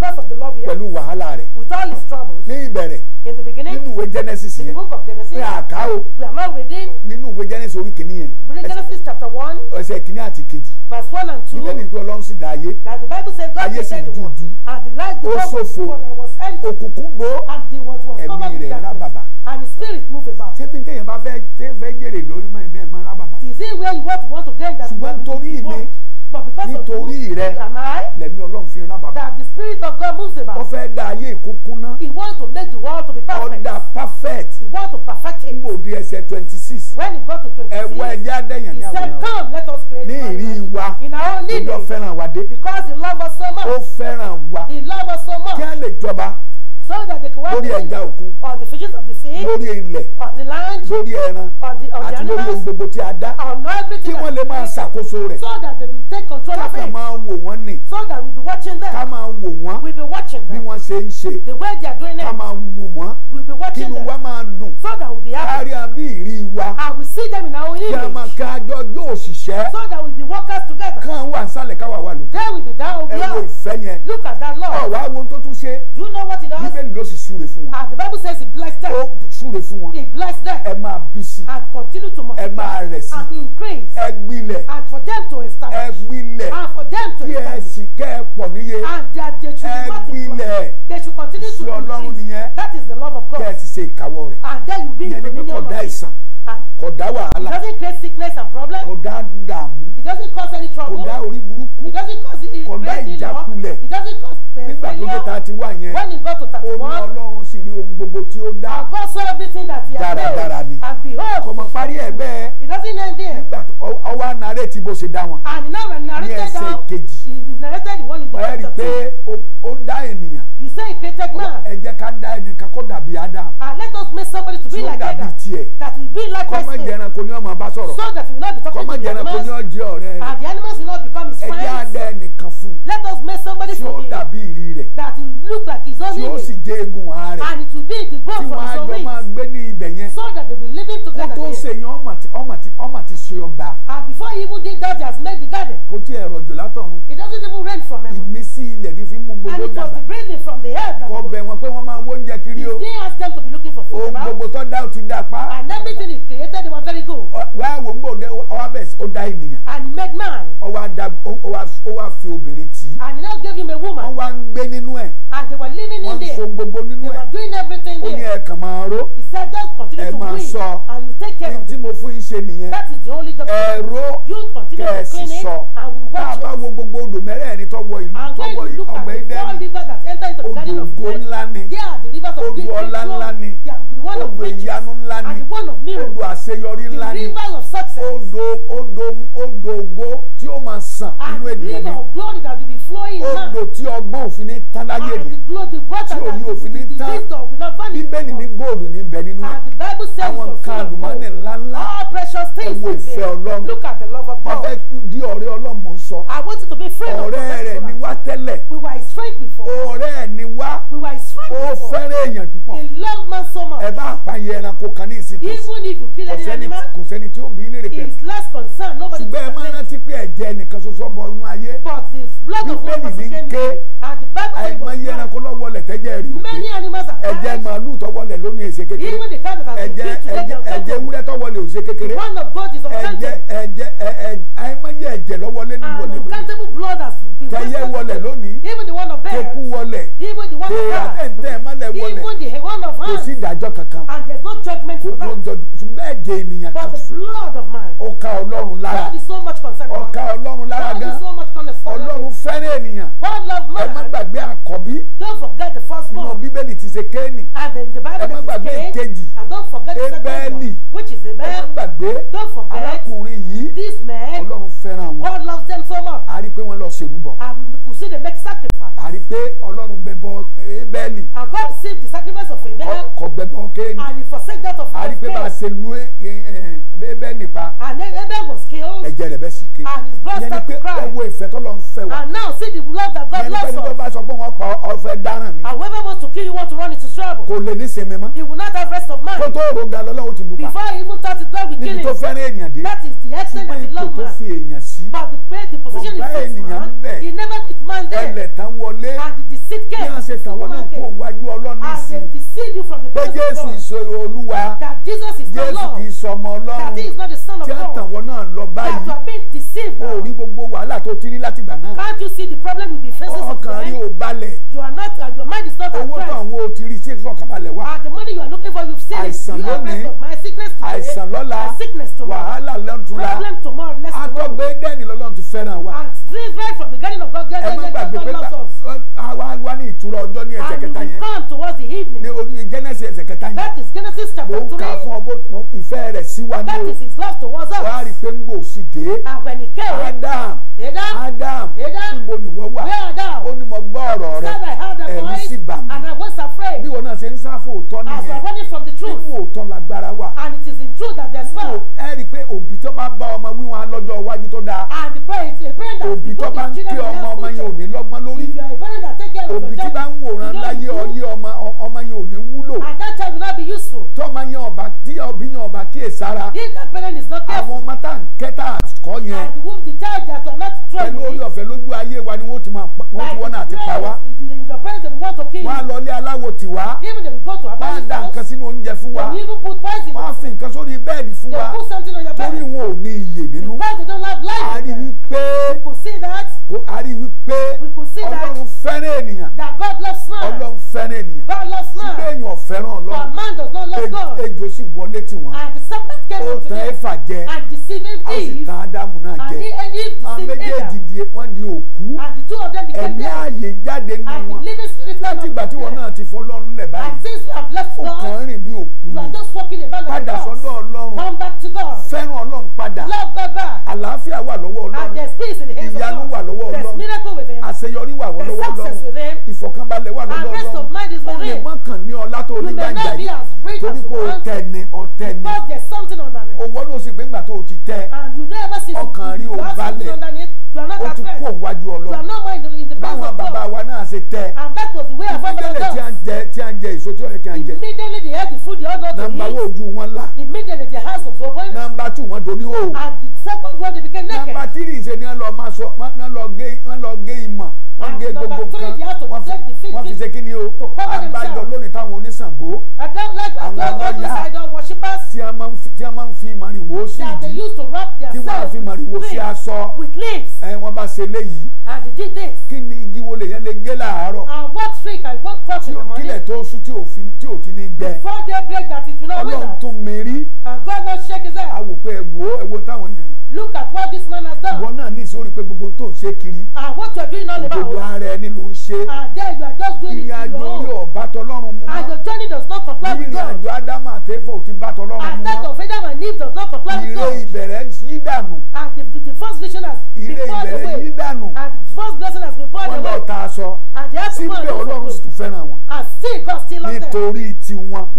because of the love he has. pẹ̀lú wàhálà rẹ̀. with all his troubles. ní ìbẹ̀rẹ̀. in the beginning. nínú ìwé Genesis yẹn. in the book of Genesis. pé àká o. we are not reading. nínú ìwé Genesis orí kìíní yẹn. read Genesis chapter one. ẹsẹ̀ kìíní àti kejì. verse one and two. bíbélì pé ọlọ́run sì dá ayé. that the Bible says God created the world. ayé sì dúdú. and the light the world was full and was empty. òkùnkùn gbó. and the what was covered with darkness. and his spirit moved about. ṣé bí n bá fẹ́ tẹ́ fẹ́ jèrè lórí mọ́ ẹ̀mí ẹ̀ máa rábàbà. is it where you want to want to gain that. ṣùgbọ́n torí mi nítorí rẹ God moves about. Ó fẹ́ dá ayé ìkókún náà. He wants to make the world to be perfect. Ọ̀dà perfect. He wants to perfect it. Ngbò di ẹsẹ̀ twenty six. When he got to twenty six. Ẹ̀wọ́ ẹja dẹ̀yàn ní àwọn. He said come let us create one. Ní ìrí wa. In our own living. Ìjọ fẹ́ràn wa dé. Because he love us so much. Ó fẹ́ràn wa. He love us so much. Kí á lè jọba. So that they can work lórí ẹja òkun. On the fishes of the sea. Lórí ilẹ̀. On the land. Lórí ẹran. On the on the animals. Àti lórí ohun gbogbo tí a dá. On everything that we do. Kí wọ́n lè máa ṣàkóso rẹ̀. So that they will take control of it. Káfíà máa wò wọ́n nì. So that we be watching them ṣe ń ṣe ká máa wò wọ́n kínú wa máa dùn kárí àbí ìrí wa kí a máa ká àjọ ọjọ́ òṣìṣẹ́ kán wà nísàlẹ̀ káwà wà lókè ẹ wo ìfẹ́ yẹn ọ̀ wá wo tó tún ṣe bíbélì ló sì súre fún wọn ah, ó súre fún wọn ẹ máa bí sí ẹ máa rẹ̀ sí ẹ gbilẹ̀ ẹ gbilẹ̀ kí ẹ sì kẹ́ ẹ pọ̀ níye ẹ should continue to Ọlọ́run that is the love of God. and then you'll be in the dominion of it. it doesn't create sickness and problems. it doesn't cause any trouble. it doesn't cause it eh, kọ̀dá it doesn't cause eh, failure. when it got to thirty and God saw everything that he had made. less concern nobody. ṣùgbọ́n ẹ máa rántí pé ẹ̀jẹ̀ nìkan ṣoṣo bọ inú ayé. but the blood of one person came in and the bible say was many ẹranko many animals are carried ẹ̀jẹ̀ màálù tọ́wọ́ lẹ̀ lónìí èsè kékeré even the cow that has been killed today they are carried ẹ̀jẹ̀ ewúrẹ́ tọ́wọ́ lẹ̀ òsè kékeré the one of God is authentic. ẹ̀jẹ̀ ẹ̀jẹ̀ ẹ̀jẹ̀ ẹ̀jẹ̀ lọ́wọ́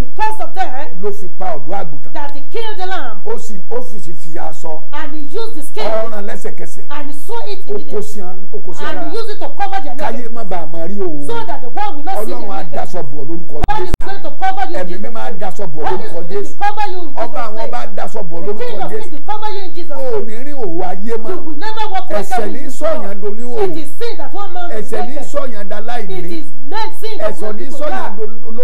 because of that. Eh, ló fi pa ọ̀dọ́ àgùntàn. that he killed the lamb. ó sì ó fi sì fi aṣọ. and he used the skin. ọ̀ràn lẹ́sẹ̀kẹsẹ̀. and he saw it in the. okosi an okosi ara. and he used it to cover their neck. káyé má bàa máa rí o. so that the world will not see their naked. Ọlọ́run á daṣọ bò ọ́ lórúkọ Jésù. God is going to cover you in Jesus. ẹ̀mí mi máa daṣọ bò ọ́ lórúkọ Jésù. cover you in Jesus. ọba àwọn ọba daṣọ bò ọ́ lórúkọ Jésù. the king of kings will cover you in Jesus. o ní rí òwò ayé mọ́. you will never walk away from me. ẹ̀ṣẹ̀ ní sọ̀yàn it is sin that one man is naked. it is sin that one man is naked.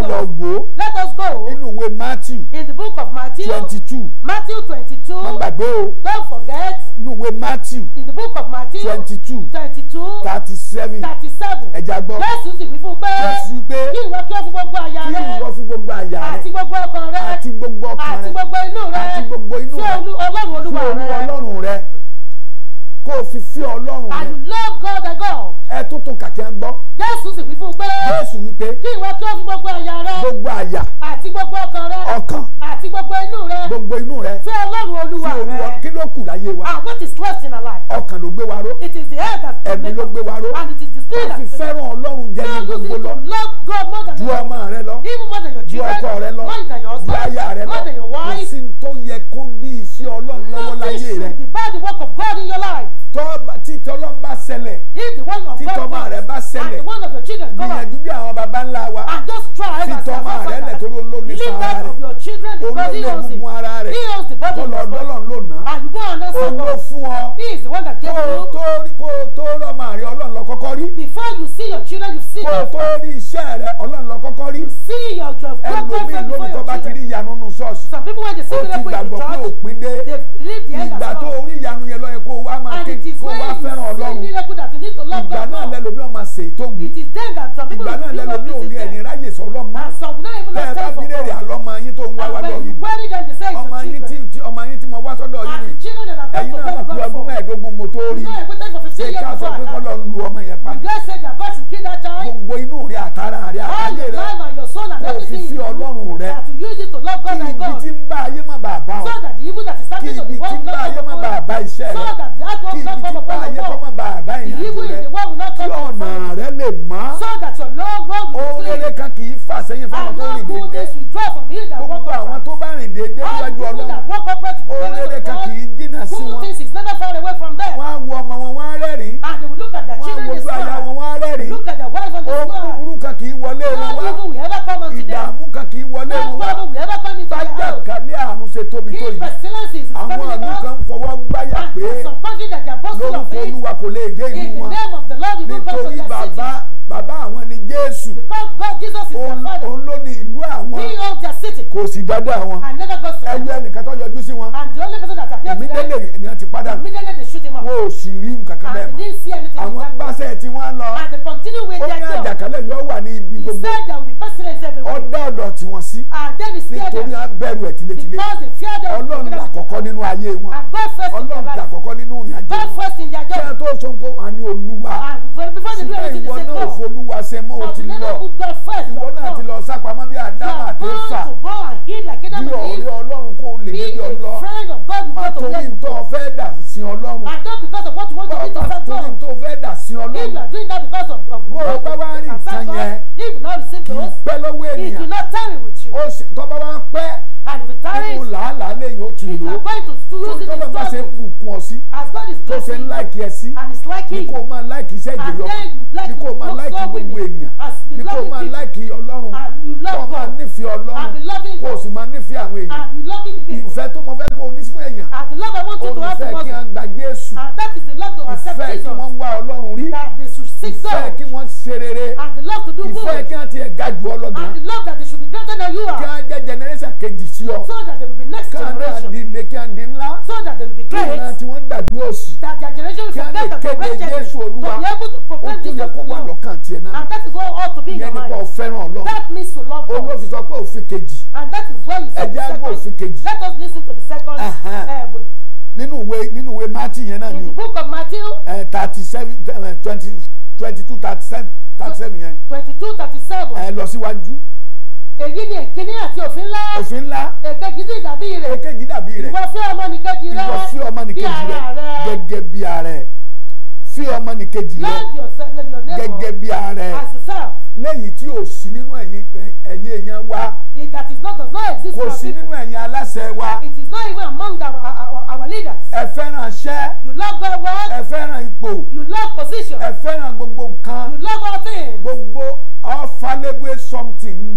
lọ wò let us go. nínú ìwé matthew. in the book of matthew. twenty-two. matthew twenty-two. má gbàgbé o. don't forget. nínú ìwé matthew. in the book of matthew. twenty-two. twenty-two. thirty-seven. thirty-seven. ẹja gbọ́. jésù sì wí fún pé. jésù pé. kí ìwọ kí ó fi gbogbo àyà rẹ. kí ìwọ fi gbogbo àyà rẹ. àti gbogbo ọkàn rẹ. àti gbogbo ọkàn rẹ. àti gbogbo inú rẹ. ọjọ́ fún gbogbo àyà rẹ. gbogbo àyà. àti gbogbo ọkàn rẹ. ọkàn. àti gbogbo inú rẹ. gbogbo inú rẹ. fẹ́ ọlọ́run olúwa rẹ. fẹ́ olúwa kí ló kù láyé wa. and what is left in our life. ọkàn ló gbé wa ró. it is the head that. ẹ̀mí ló gbé wa ró. and it is ẹ fẹ́ràn gbogbo nǹkan. you love all things. gbogbo all fallible something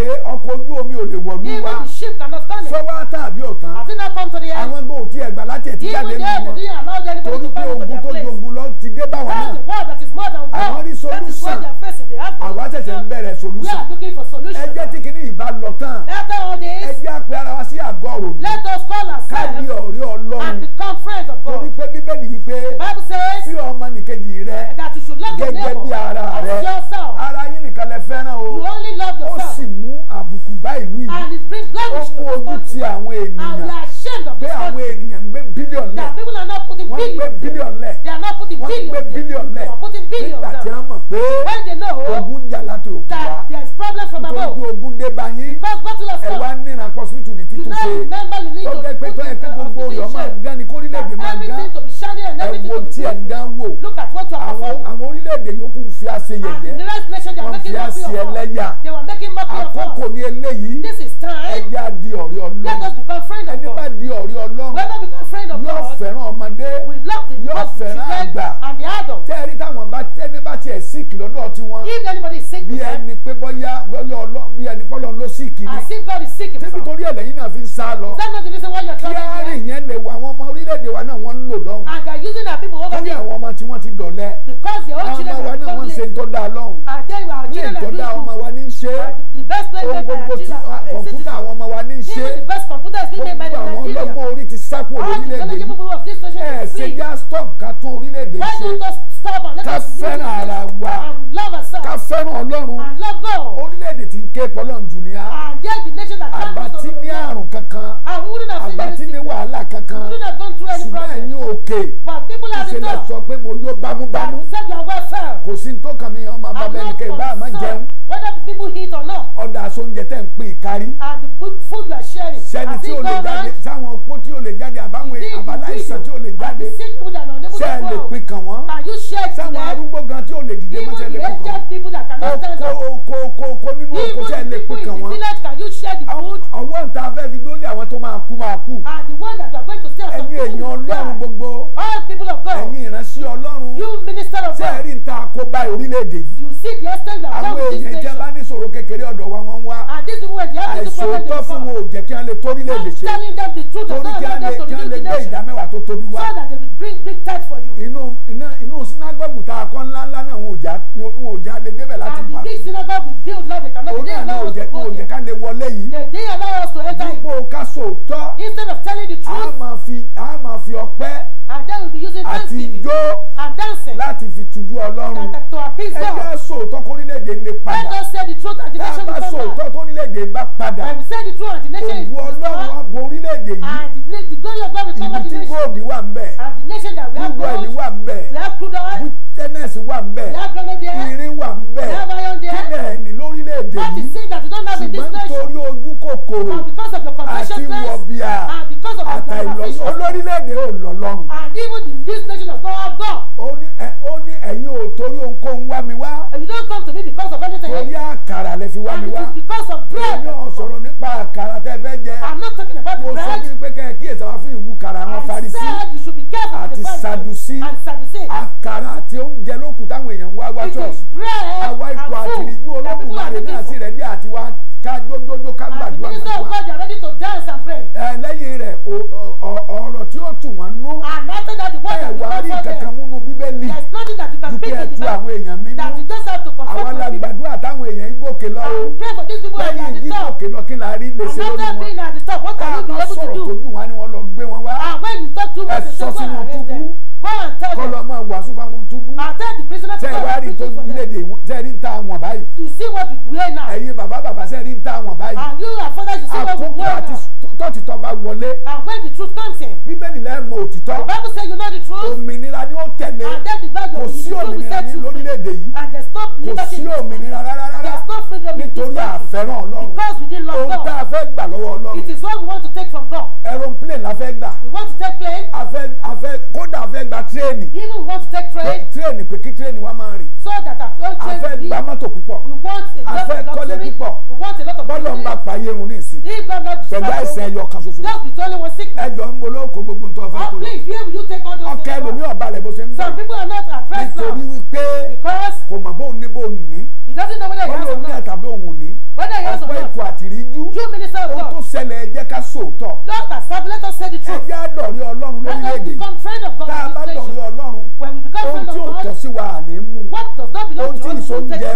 òkè ọkọ̀ ojú omi ò lè wọ̀lú wa sọ́wọ́ àtàbí ọ̀tán àwọn gbòòtì ẹ̀gbà láti ẹ̀ ti jáde nínú wọn. plane wa máa rìn. so that our future be. a fẹ́ gba mọ́tò púpọ̀. we want a lot of luxury. a fẹ́ kọ́lé púpọ̀. we want a lot of luxury. bọ́lọ̀ ń bá payé irun ní ìsìn. if God not destroy you. pẹ̀lú àìsàn ẹyọ kan ṣoṣo. just be only one sickness. ẹjọ ń bolo kó gbogbo nǹkan fẹ́ oh, kó lọ. please you take all those things. ọkẹ́ lomi ọba rẹ̀ bó ṣe ń gbọ́. some people are not at rest now. nítorí wípé kò mọ̀ bóun ní bóun ní. he doesn't know whether he has or not. whether he has or àtìríjú. you minister of God. ó tún ṣẹlẹ̀ ẹ jẹ́ ká sóòótọ́. lord accept let us say the truth. ẹ jẹ́ àdọ̀rí ọlọ́run lórílẹ̀‐èdè. let tá a bá yàtọ̀ wa àní mú. what does that belong to us. ohun tí ìsọ̀njẹ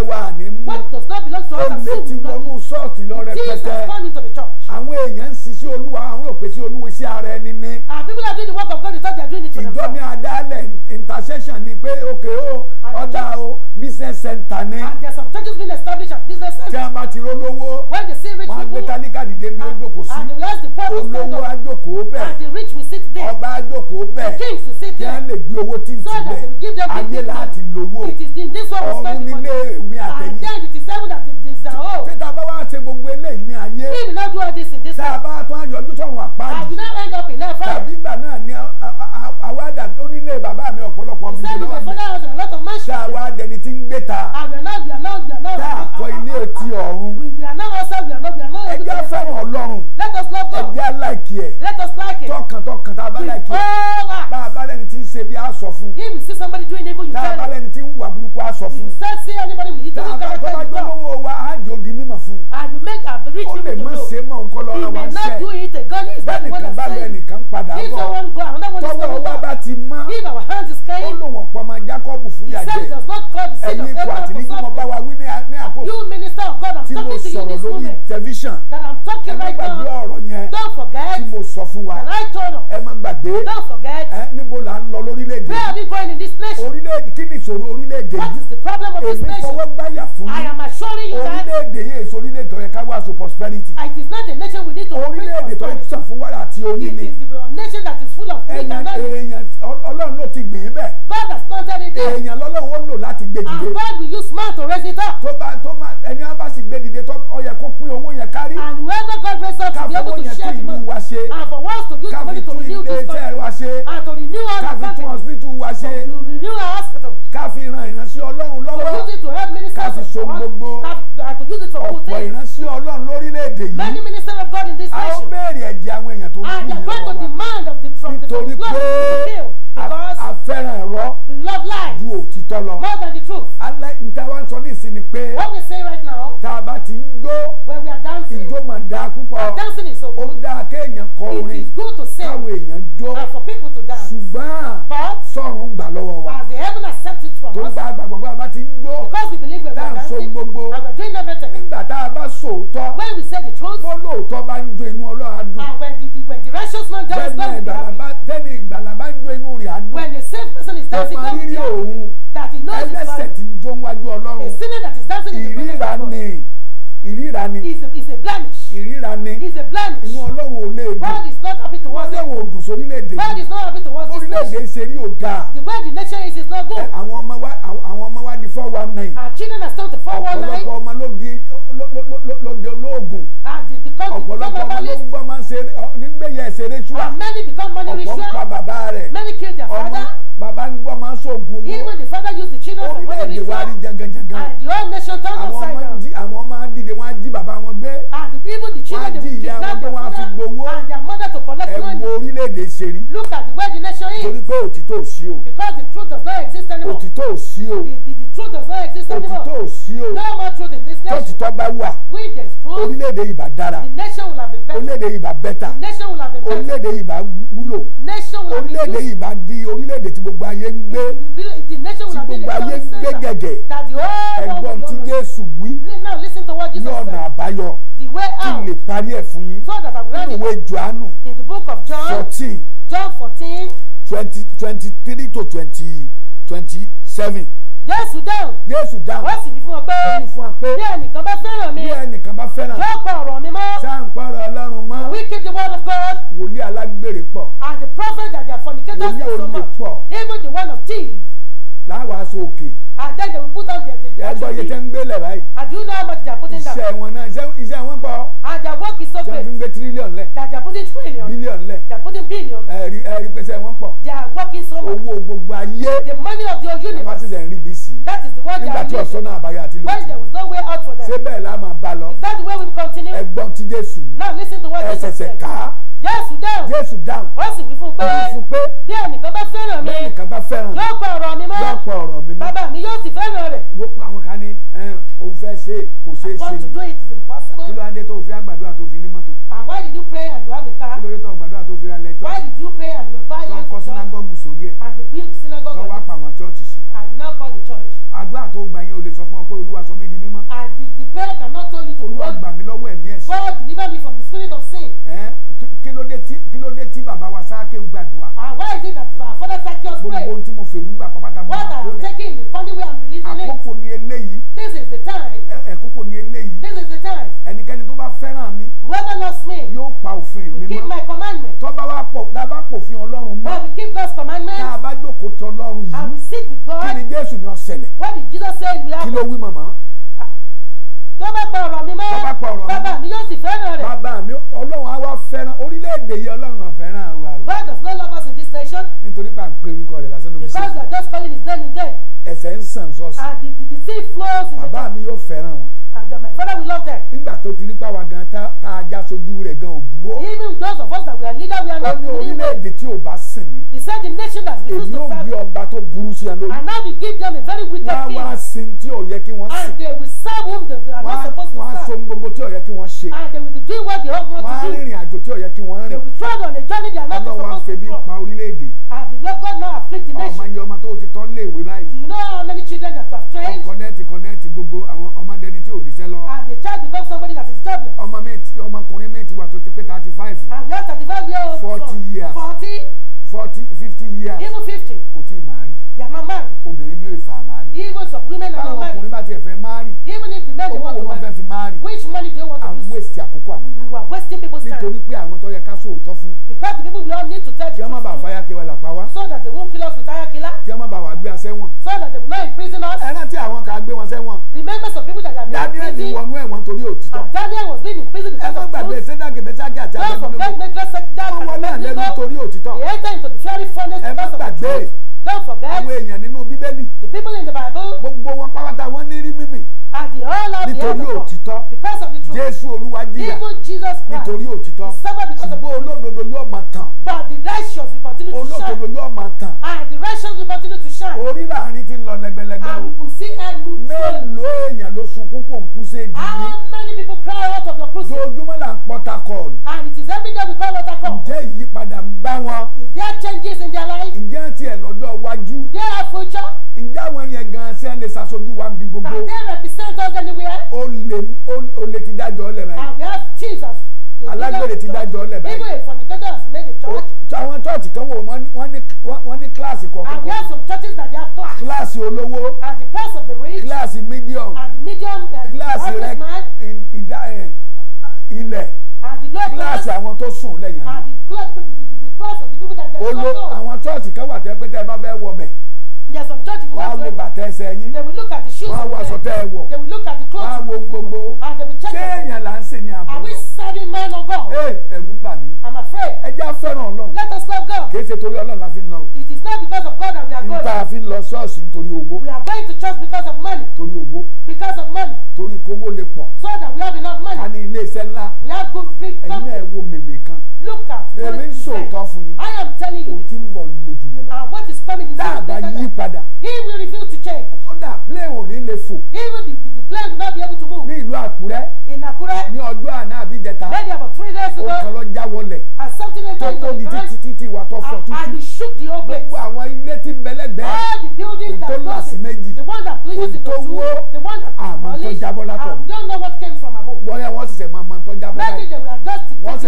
and the prophet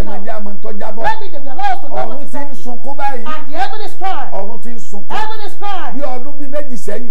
dẹ̀ máa jẹ́ àmọ́ ntọ́ jábọ́. ọ̀run ti ń sunkún báyìí. and the heaven is crying. ọ̀run ti ń sunkún. heaven is bí ọdún bíi méjì sẹ́yìn.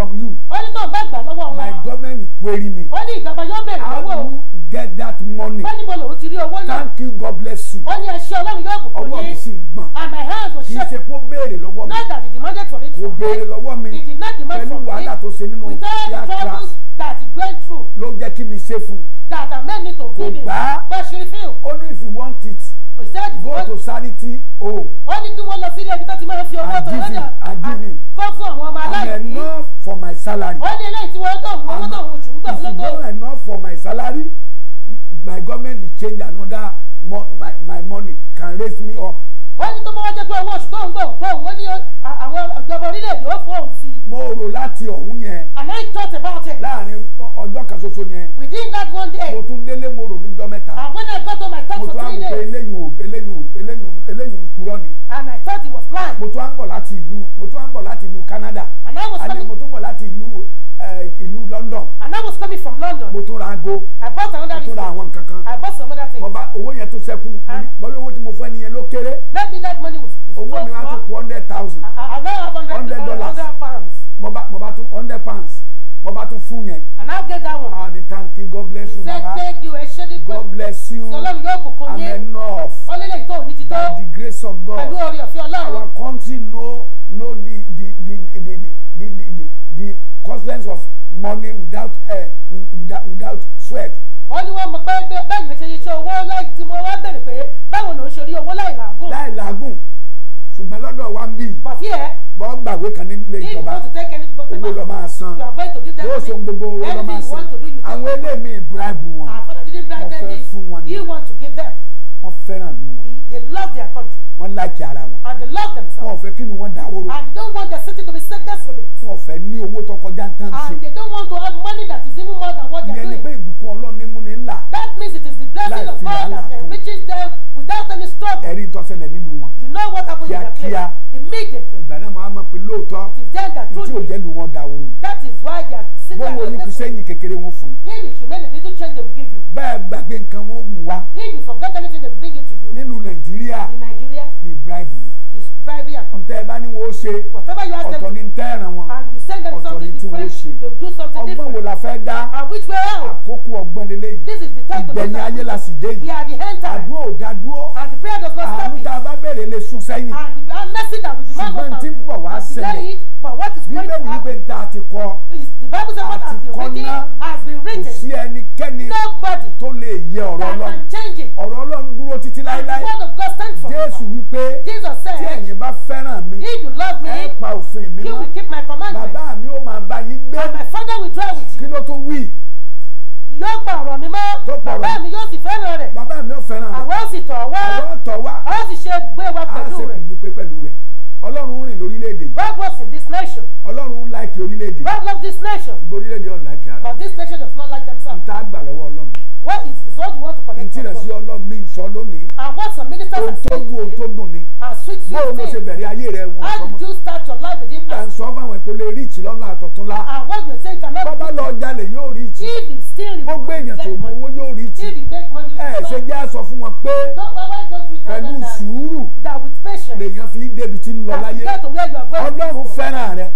from you. ó ní tó bá lọ́wọ́ wọn. my government will query me. ó ní ìjọba yóò béèrè lọ́wọ́ how you get that money. wọ́n ní mo lòun ti rí owó náà. thank you God bless you. ó ní ẹṣẹ́ ọlọ́run yóò bùkún yín. ọwọ́ mi sì gbọ̀n. and my hands were shaking. kì í ṣe kó béèrè lọ́wọ́ mi. not that he demanded for it from me. kò béèrè lọ́wọ́ mi. he did not demand from me. pẹ̀lú wàhálà tó ṣe nínú yàrá that he went through. ló jẹ́ kí mi ṣe fún. that I made me to give him. but she refused. only if you want it. go to sanity. home. ó ní kí wọ́n lọ sílé ibi tó ti máa ń fi owó tó lọ́jà. and give him kó fún àwọn ọmọ salary. ó ní tí wọ́n tó wù tó wù ṣùgbọ́n ló tó wù. it's not enough for my salary my government will change another my, my money can raise me up. ó ní tó bá wá jẹ́ pé owó oṣù tó ń gbọ́ tó wù ní àwọn ìjọba orílẹ̀-èdè ó fọ́ òun sí. mo rò láti ọ̀hún yẹn. and I thought about it. bless you. Ṣé Ọlọ́run yóò bùkún yín? I'm enough. Ó lélẹ̀ tó ní ti tó. By the grace of God. Pẹ̀lú oore ọ̀fẹ́ Ọlọ́run. Our country know know the the the the the the the the, consequence of money without uh, without without sweat. Ó ní wọ́n mọ̀ pé bẹ́ẹ̀ ni ṣe ṣe owó láì tí mo wá bèrè pé báwo ló ń ṣe rí owó láì làágùn. Láì làágùn ṣùgbọ́n lọ́dọ̀ wa ń bì. Bọ̀sí ẹ̀. Bọ́n gbàgbé kan nílé ìjọba owó lọ máa san. Yóò so gbogbo owó lọ máa san. wọ́n ara wọn. and they love themselves. wọn ò fẹ́ kí ni ṣe ọgbọ́n wo la fẹ́ dá àkókò ọgbọ́n lélẹ́yìí ìgbẹ̀yìn ayé la sì dé yìí àdúrà ò dá dúró àrùn tá a bá bẹ̀rẹ̀ lè sún sẹ́yìn ṣùgbọ́n tí ń bọ̀ wá ṣẹlẹ̀ bíbẹ̀ wù pé n ta àti kọ́ àti kọ́ ná kò sí ẹnikẹ́ni tó lè yẹ ọ̀rọ̀ Ọlọ́run ọ̀rọ̀ Ọlọ́run dúró títí láéláé Jésù wípé tí ẹ̀yin bá fẹ́ràn mi ẹ pa òfin mi mọ́. yóò gba ọ̀rọ̀ mi mọ́ bàbá mi yóò sì fẹ́ràn rẹ̀ bàbá mi yóò fẹ́ràn rẹ̀ àwọn ó sì tọ̀ wá àwọn tọ̀ wá a ó sì ṣe gbé wa pẹ̀lú rẹ̀ ọlọ́run rìn lórílẹ̀‐èdè God was in this nation ọlọ́run like orílẹ̀‐èdè God love this nation ṣùgbọ́n orílẹ̀‐èdè yóò like ara but this nation does not like themselves n gbà lọ́wọ́ ọlọ́run what is is what you want to collect from God n tí ọlọ́run mi sọ lónìí and what some ministers are saying to me are sweet sweet things. with patience. lèèyàn fi ń débi tí ń lọ láyé ọlọ́run fẹ́ràn rẹ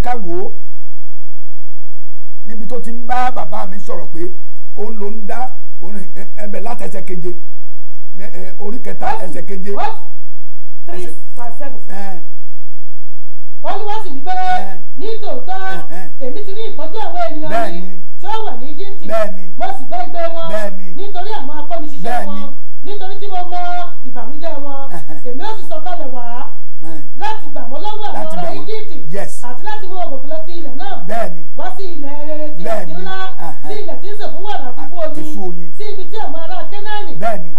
ká wò ó níbi tó ti ń bá bàbá mi sọ̀rọ̀ pé òun ló ń dá ẹbẹ̀ láti ẹsẹ̀ keje orí kẹta ẹsẹ̀ keje. three per seven. olúwa sì ní pé ní tòótọ́ èmi ti rí ìpọ́njú àwọn ènìyàn mi tí ó wà ní Íjíbítì mo sì gbọ́ igbe wọn nítorí àwọn akọ́niṣiṣẹ́ wọn nítorí tí mo mọ ìbànújẹ́ wọn èmi ó sì sọ̀kalẹ̀ wá láti gbà wọ́n lọ́wọ́ àwọn ará Íjíbítì yes. àti láti mú ògùn lọ sí ilẹ̀ náà. bẹ́ẹ̀ni. wá sí ilẹ̀ rere tí a ti ńlá sí ilẹ̀ tí ń sè fún wàrà àti fún oyin sí ibi tí àwọn ará kẹ́nẹ́ẹ̀nì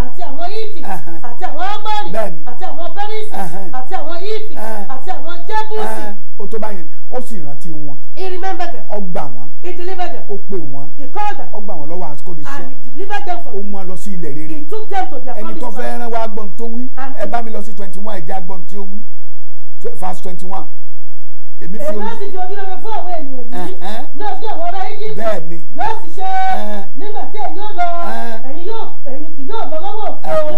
àti àwọn hìtì àti àwọn ámọ́rì àti àwọn pẹ́rísì àti àwọn hìtì àti àwọn jẹ́bùsì. ó tó báyẹn ó sì rántí wọn. he remembered them. ó gbà wọ́n. he delivered them. ó pè wọ́n. he called them. ó gbà wọ́n lọ́wọ́ àtikọ́ni iṣẹ́. and he delivered them from. ó mú wọn lọ sí ilẹ̀ rere. he took them to their promised land. ẹni tó fẹ́ rán wa gbọ́n tó wí ẹ bá mi lọ sí twenty one ẹ̀jẹ̀ agbọ́n tí ó wí verse twenty one èmi fi ojú. èmi ó sì fi ojú rere fún àwọn ènìyàn yìí ní ọjọ́ àwọn ará Íjíbítì. bẹ́ẹ̀ ni yóò sì ṣe nígbà tí ẹ̀yin yóò lọ ẹ̀yin yóò ẹ̀yin kì yóò lọ lọ́wọ́ òfo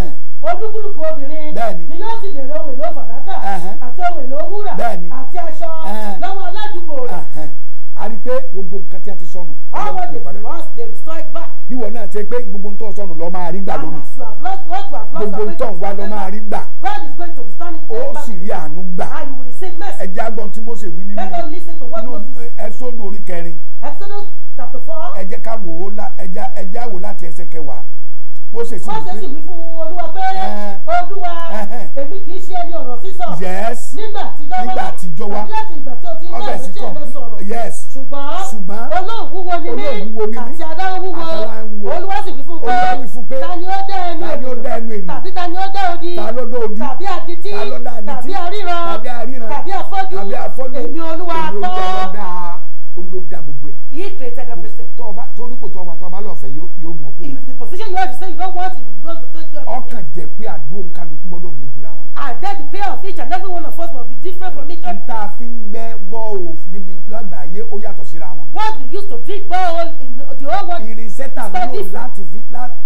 olúkúlùkù obìnrin ni yóò sì bèrè ohun èlò fàdákà àti ohun èlò wúrà àti aṣọ lọ́wọ́ aládùúgbò rẹ̀. a rí i pé gbogbo nǹkan tí a ti sọnù. all what they lost they strike back. bí wọn náà ṣe pé gbogbo ń sọnù lọ máa rí gbà lónìí gbogbo ń tọ́ lọ máa rí gbà. God is going to return it tí Mósè wí nínú ẹsọ́dù orí kẹrin ẹ jẹ́ ká wò ó ẹ jẹ́ àwò láti ẹsẹ̀ kẹwàá Mósè sì wí fún Olúwa pé Olúwa èmi kì í ṣe ẹni ọ̀rọ̀ sísọ nígbà tíjọ́ wá àti láti ìgbà tí o ti ń bá ìránṣẹ́ rẹ sọ̀rọ̀ ṣùgbọ́n ni mí àti aláwúwo Olúwa sì wí fún pé. fi ń gbẹ́ bọ́ọ̀lù níbi lágbàáyé ó yàtọ̀ síra wọn. what we use to drink borehole in the whole world. irinṣẹ́ tà ń lò láti fi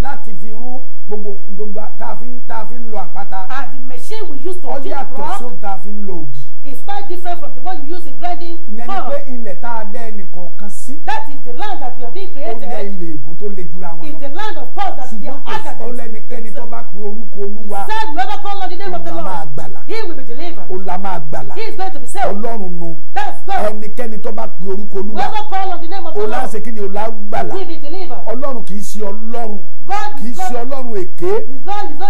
láti fi rún gbogbo gbogbo tá a fi tá fi ń lo àpáta. and ah, the machine we use to drink rock. ó yàtọ̀ sóhun tá a fi ń lo ògì. is quite different from the one you use in grinding. ìyẹn ni pé ilẹ̀ tá a dẹ́ ẹnì kọ̀ọ̀kan sí. that is the land that we are being. ọlọ́run nu ẹnikẹ́ni tó bá pe orúkọ olúwa o la ṣe kí ni o la gbàlà ọlọ́run kì í ṣe ọlọ́run kì í ṣe ọlọ́run èké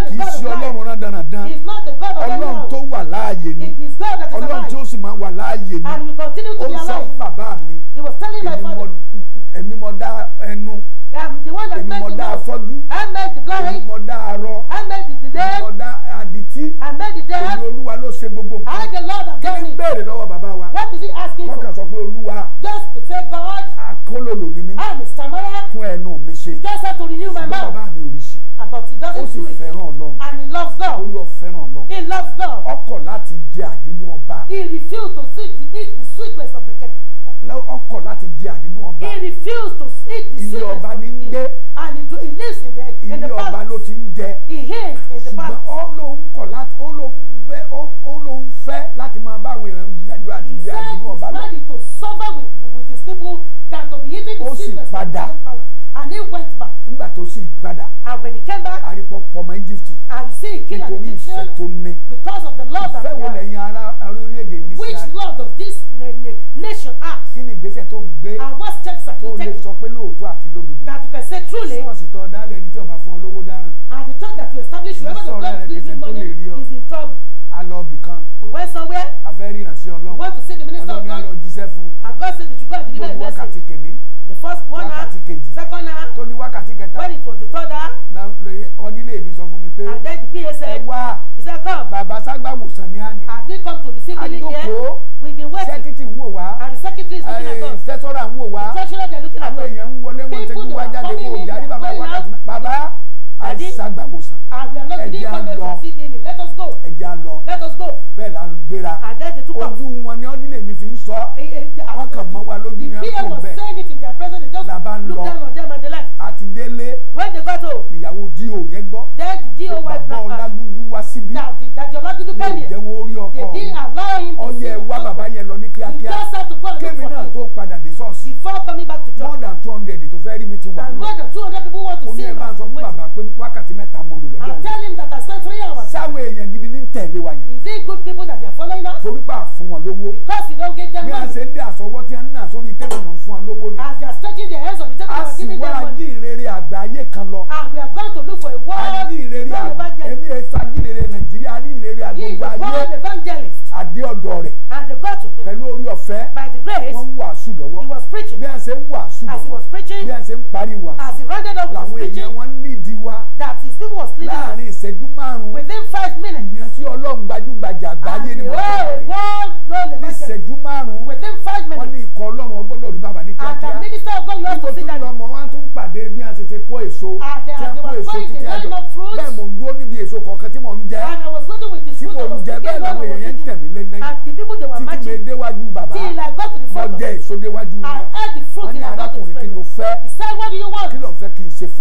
kì í ṣe ọlọ́run. láti jẹ àdínú ọba. he refused to see the, eat the sweetness of the king. ọkọ̀ láti jẹ àdínú ọba. he refused to eat the sweetness of the king. ilé ọba ní ń gbé. and he, he lives in the in the palace. ilé ọba ló ti ń jẹ. he hates in the palace. ṣùgbọ́n ó ló ń kọ̀ láti ó ló ń fẹ́ ó ló ń fẹ́ láti máa bá àwọn èèyàn jìyà àti jẹ àdínú ọba lọ. he said he is ready to suffer with with his people than to be eating the sweetness of the palace. and he went back. nígbà tó sì padà. and when he came back. a rí pọ pọmọ Egypt. and you see he killed an Egyptian. nítorí ìfẹ́ tó ní the laws that I have. Which law does this na na nation have? And what steps are you taking? That you can say truly.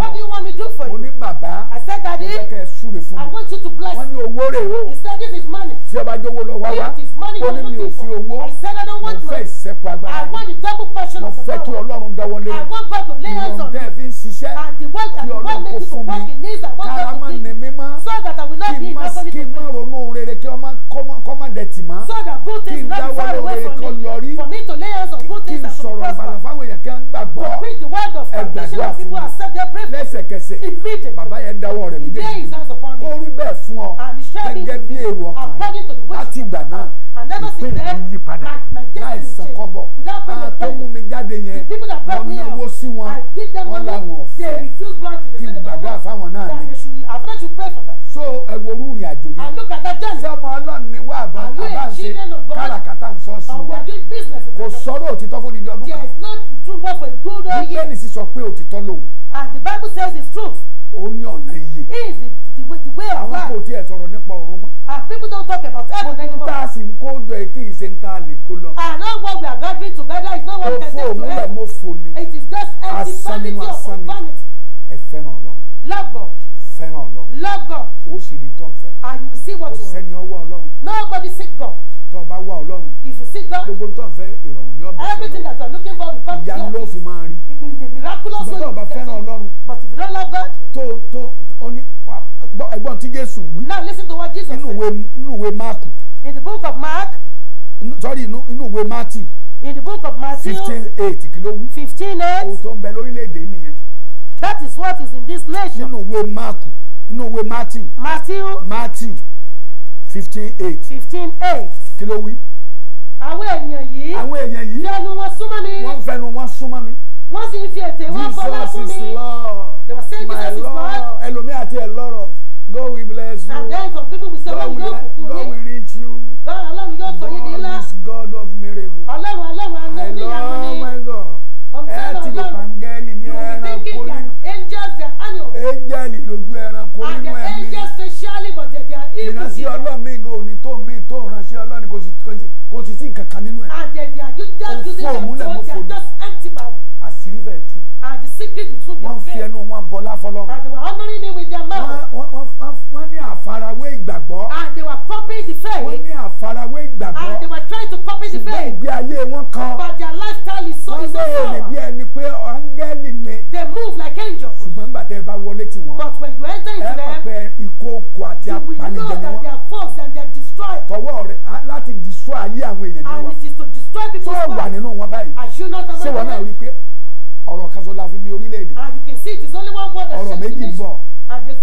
What do you want tọ́ gbọ́n tí Jésù wí. now listen to what Jesus said. inú ìwé Máàkù. in the book of Mark. sorry inú ìwé Matthew. in the book of Matthew. fifteen eight kí wí. fifteen eight. ohun tó ń bẹ lórílẹ̀‐èdè nìyẹn. that is what is in this nation. nínú ìwé Máàkù nínú ìwé Matthew. Matthew. Matthew fifteen eight. fifteen eight. kí ló wí. àwọn èèyàn yìí. àwọn èèyàn yìí. fẹnu wọn súnmọ́ mi. wọ́n fẹnu wọn súnmọ́ mi. wọ́n sì ń fi ètè wọn bọ́lá fún mi. Jesus is Lord.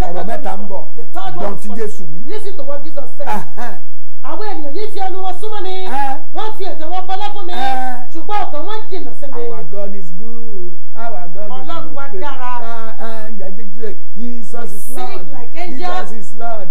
ọ̀rọ̀ mẹ́ta ń bọ̀ dọ̀n Jésù wí. àwọn ènìyàn yìí fi ẹnu wọn súnmọ́ mi wọ́n fi ètè wọn bọ́lá fún mi ṣùgbọ́n ọ̀kan wọn jìnnà sí mi. our God is good our God is good. ọlọ́run wa dára. Jesus is Lord Jesus is Lord.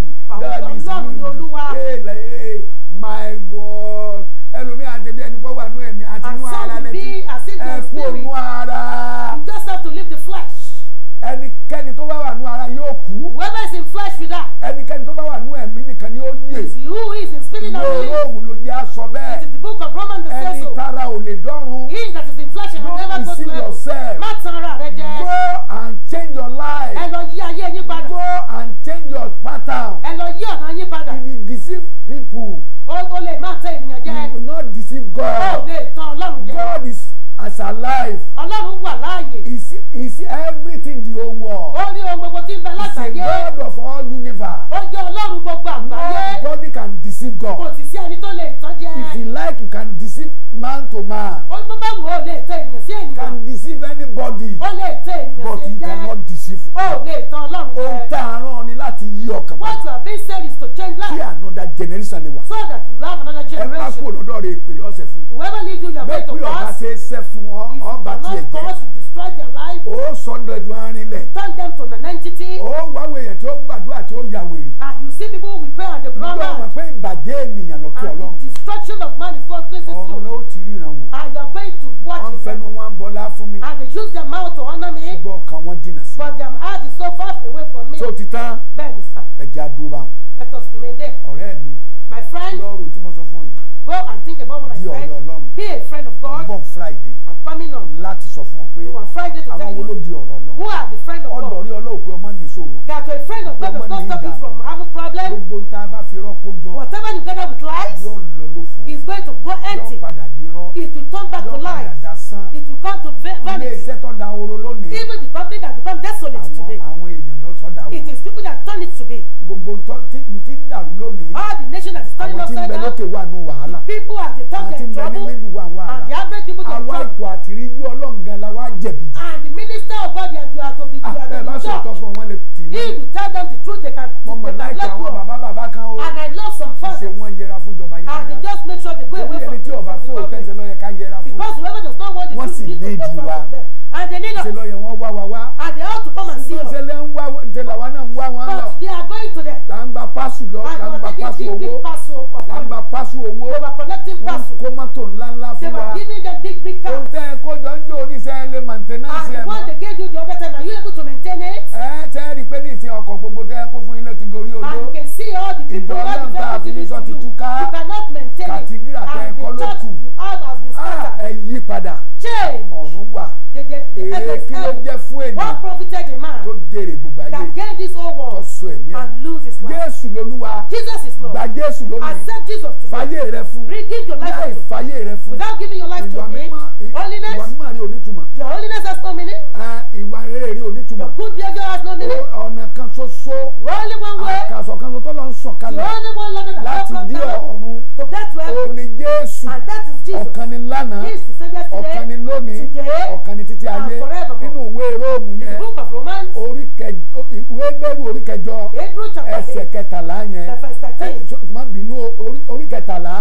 orí kẹtàlá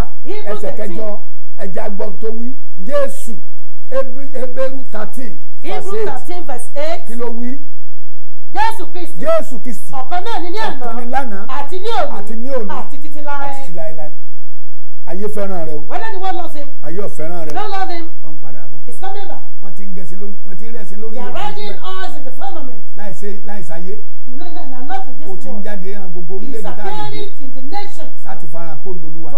ẹsẹ̀ kẹjọ ẹja gbọ́n jésù ebéru thirteen verse eight thirteen verse eight kí ló wí. jésù kristi jésù kristi ọ̀kan náà ni ní àná ọ̀kan ni lánàá àti ní òní àti ní òní àti títí láé àti títí láéláé ayé fẹ́ràn rẹ o whether the world loves him ayé ò fẹ́ràn rẹ o no love him wọ́n padà bọ̀ it's coming back wọ́n ti ń gẹ̀sí lórí wọ́n ti ń rẹ̀sí lórí they are riding us in the firmament láìsí láìsáyé no no no not in this world. o ti ń jáde hàn gbogbo orílẹ̀-èdè tá a lè dé láti farahàn kó lolúwa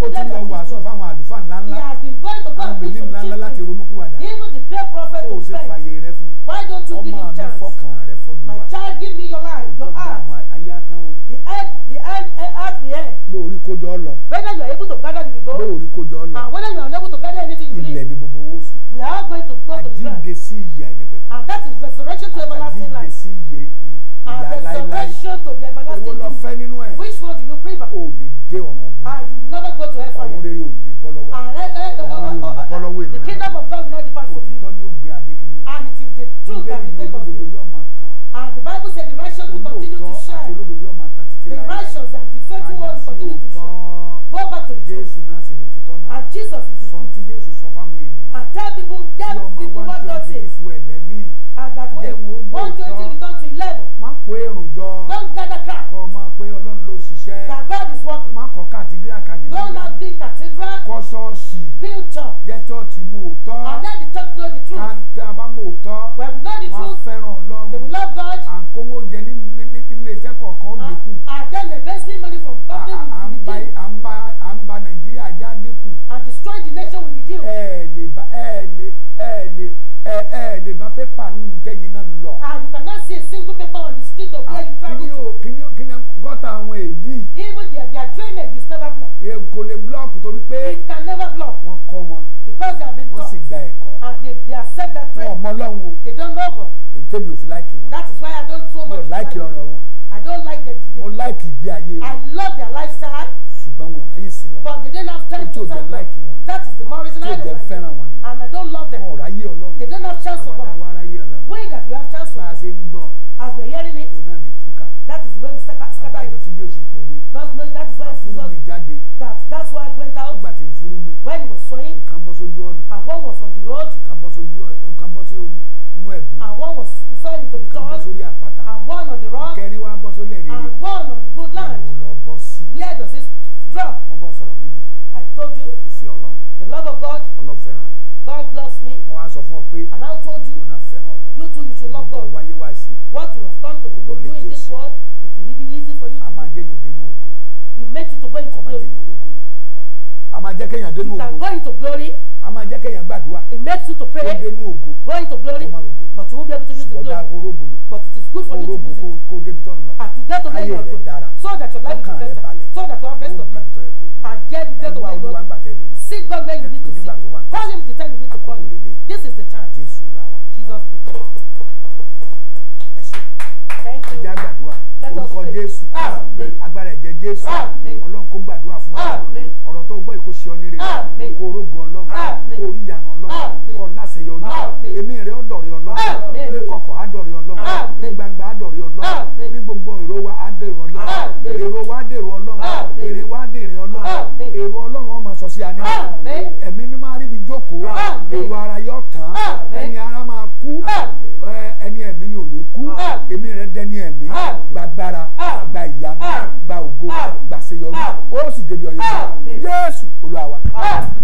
o ti lọ wàásù fáwọn àlùfáà ńláńlá àwọn wòlíì ńláńlá láti ronúkúwàdà o ò sì fàyè rẹ fún ọmọ mi fọkàn rẹ fọlùwà ìtọ́jú ayé atán o. the end the end at the end. lórí kójọ lọ. whether you are able to gather the go. lórí kójọ lọ. and whether you are unable to gather anything you need. ilẹ̀ ni gbogbo owó sùn. we are going. Go back to the truth. And Jesus is the truth. And tell people tell people what God says. Ọmọ one twenty And that way one return to eleven. Don't gather crowd. That God is working. Don't let big cathedral. Build church. And let the church know the truth. over jẹ́ kéèyàn dénú ògo. that going to glory. a máa jẹ́ kéèyàn gbàdúrà. it makes you to pray. ó dénú going to glory. ó máa rògbò lò. but you won't be able to use the glory. ṣùgbọ́n orógbò lò. but it is good for you to use it. orógbò kó débi tọ́nu lọ. and you get to where you are going. so that your life is better. so that you have rest of mind. and yet you get to where you are see God where you need to see him. call him the time you need to call him. this is the time. Jesus Thank you. Let us pray. Agbára ẹ̀jẹ̀ Jésù. Ọlọ́run kó gbàdúrà fún wa kó rógo ọlọ́run kó rí ìyanu ọlọ́run kó láṣeyọ ọlọ́run èmi rẹ̀ ọ̀dọ̀rẹ̀ ọlọ́run ní kọ̀kọ̀ àdọ̀rẹ̀ ọlọ́run ní gbangba àdọ̀rẹ̀ ọlọ́run ní gbogbo èrò wa àdèrò ọlọ́run èrò wa àdèrò ọlọ́run èrè wa àdèrè ọlọ́run èrò ọlọ́run ọmọ sọ àná ẹ̀mí mi máa ríbi jókòó èrò ara yọ tán ẹni ara máa kú ẹni ẹ̀mí ni ò ní kú èmi rẹ̀ dẹni ẹ̀mí gbàgbára gba ìyanu gba ògo gbàṣeyọrí ó sì débi ọyọ Jésù olúwa wa.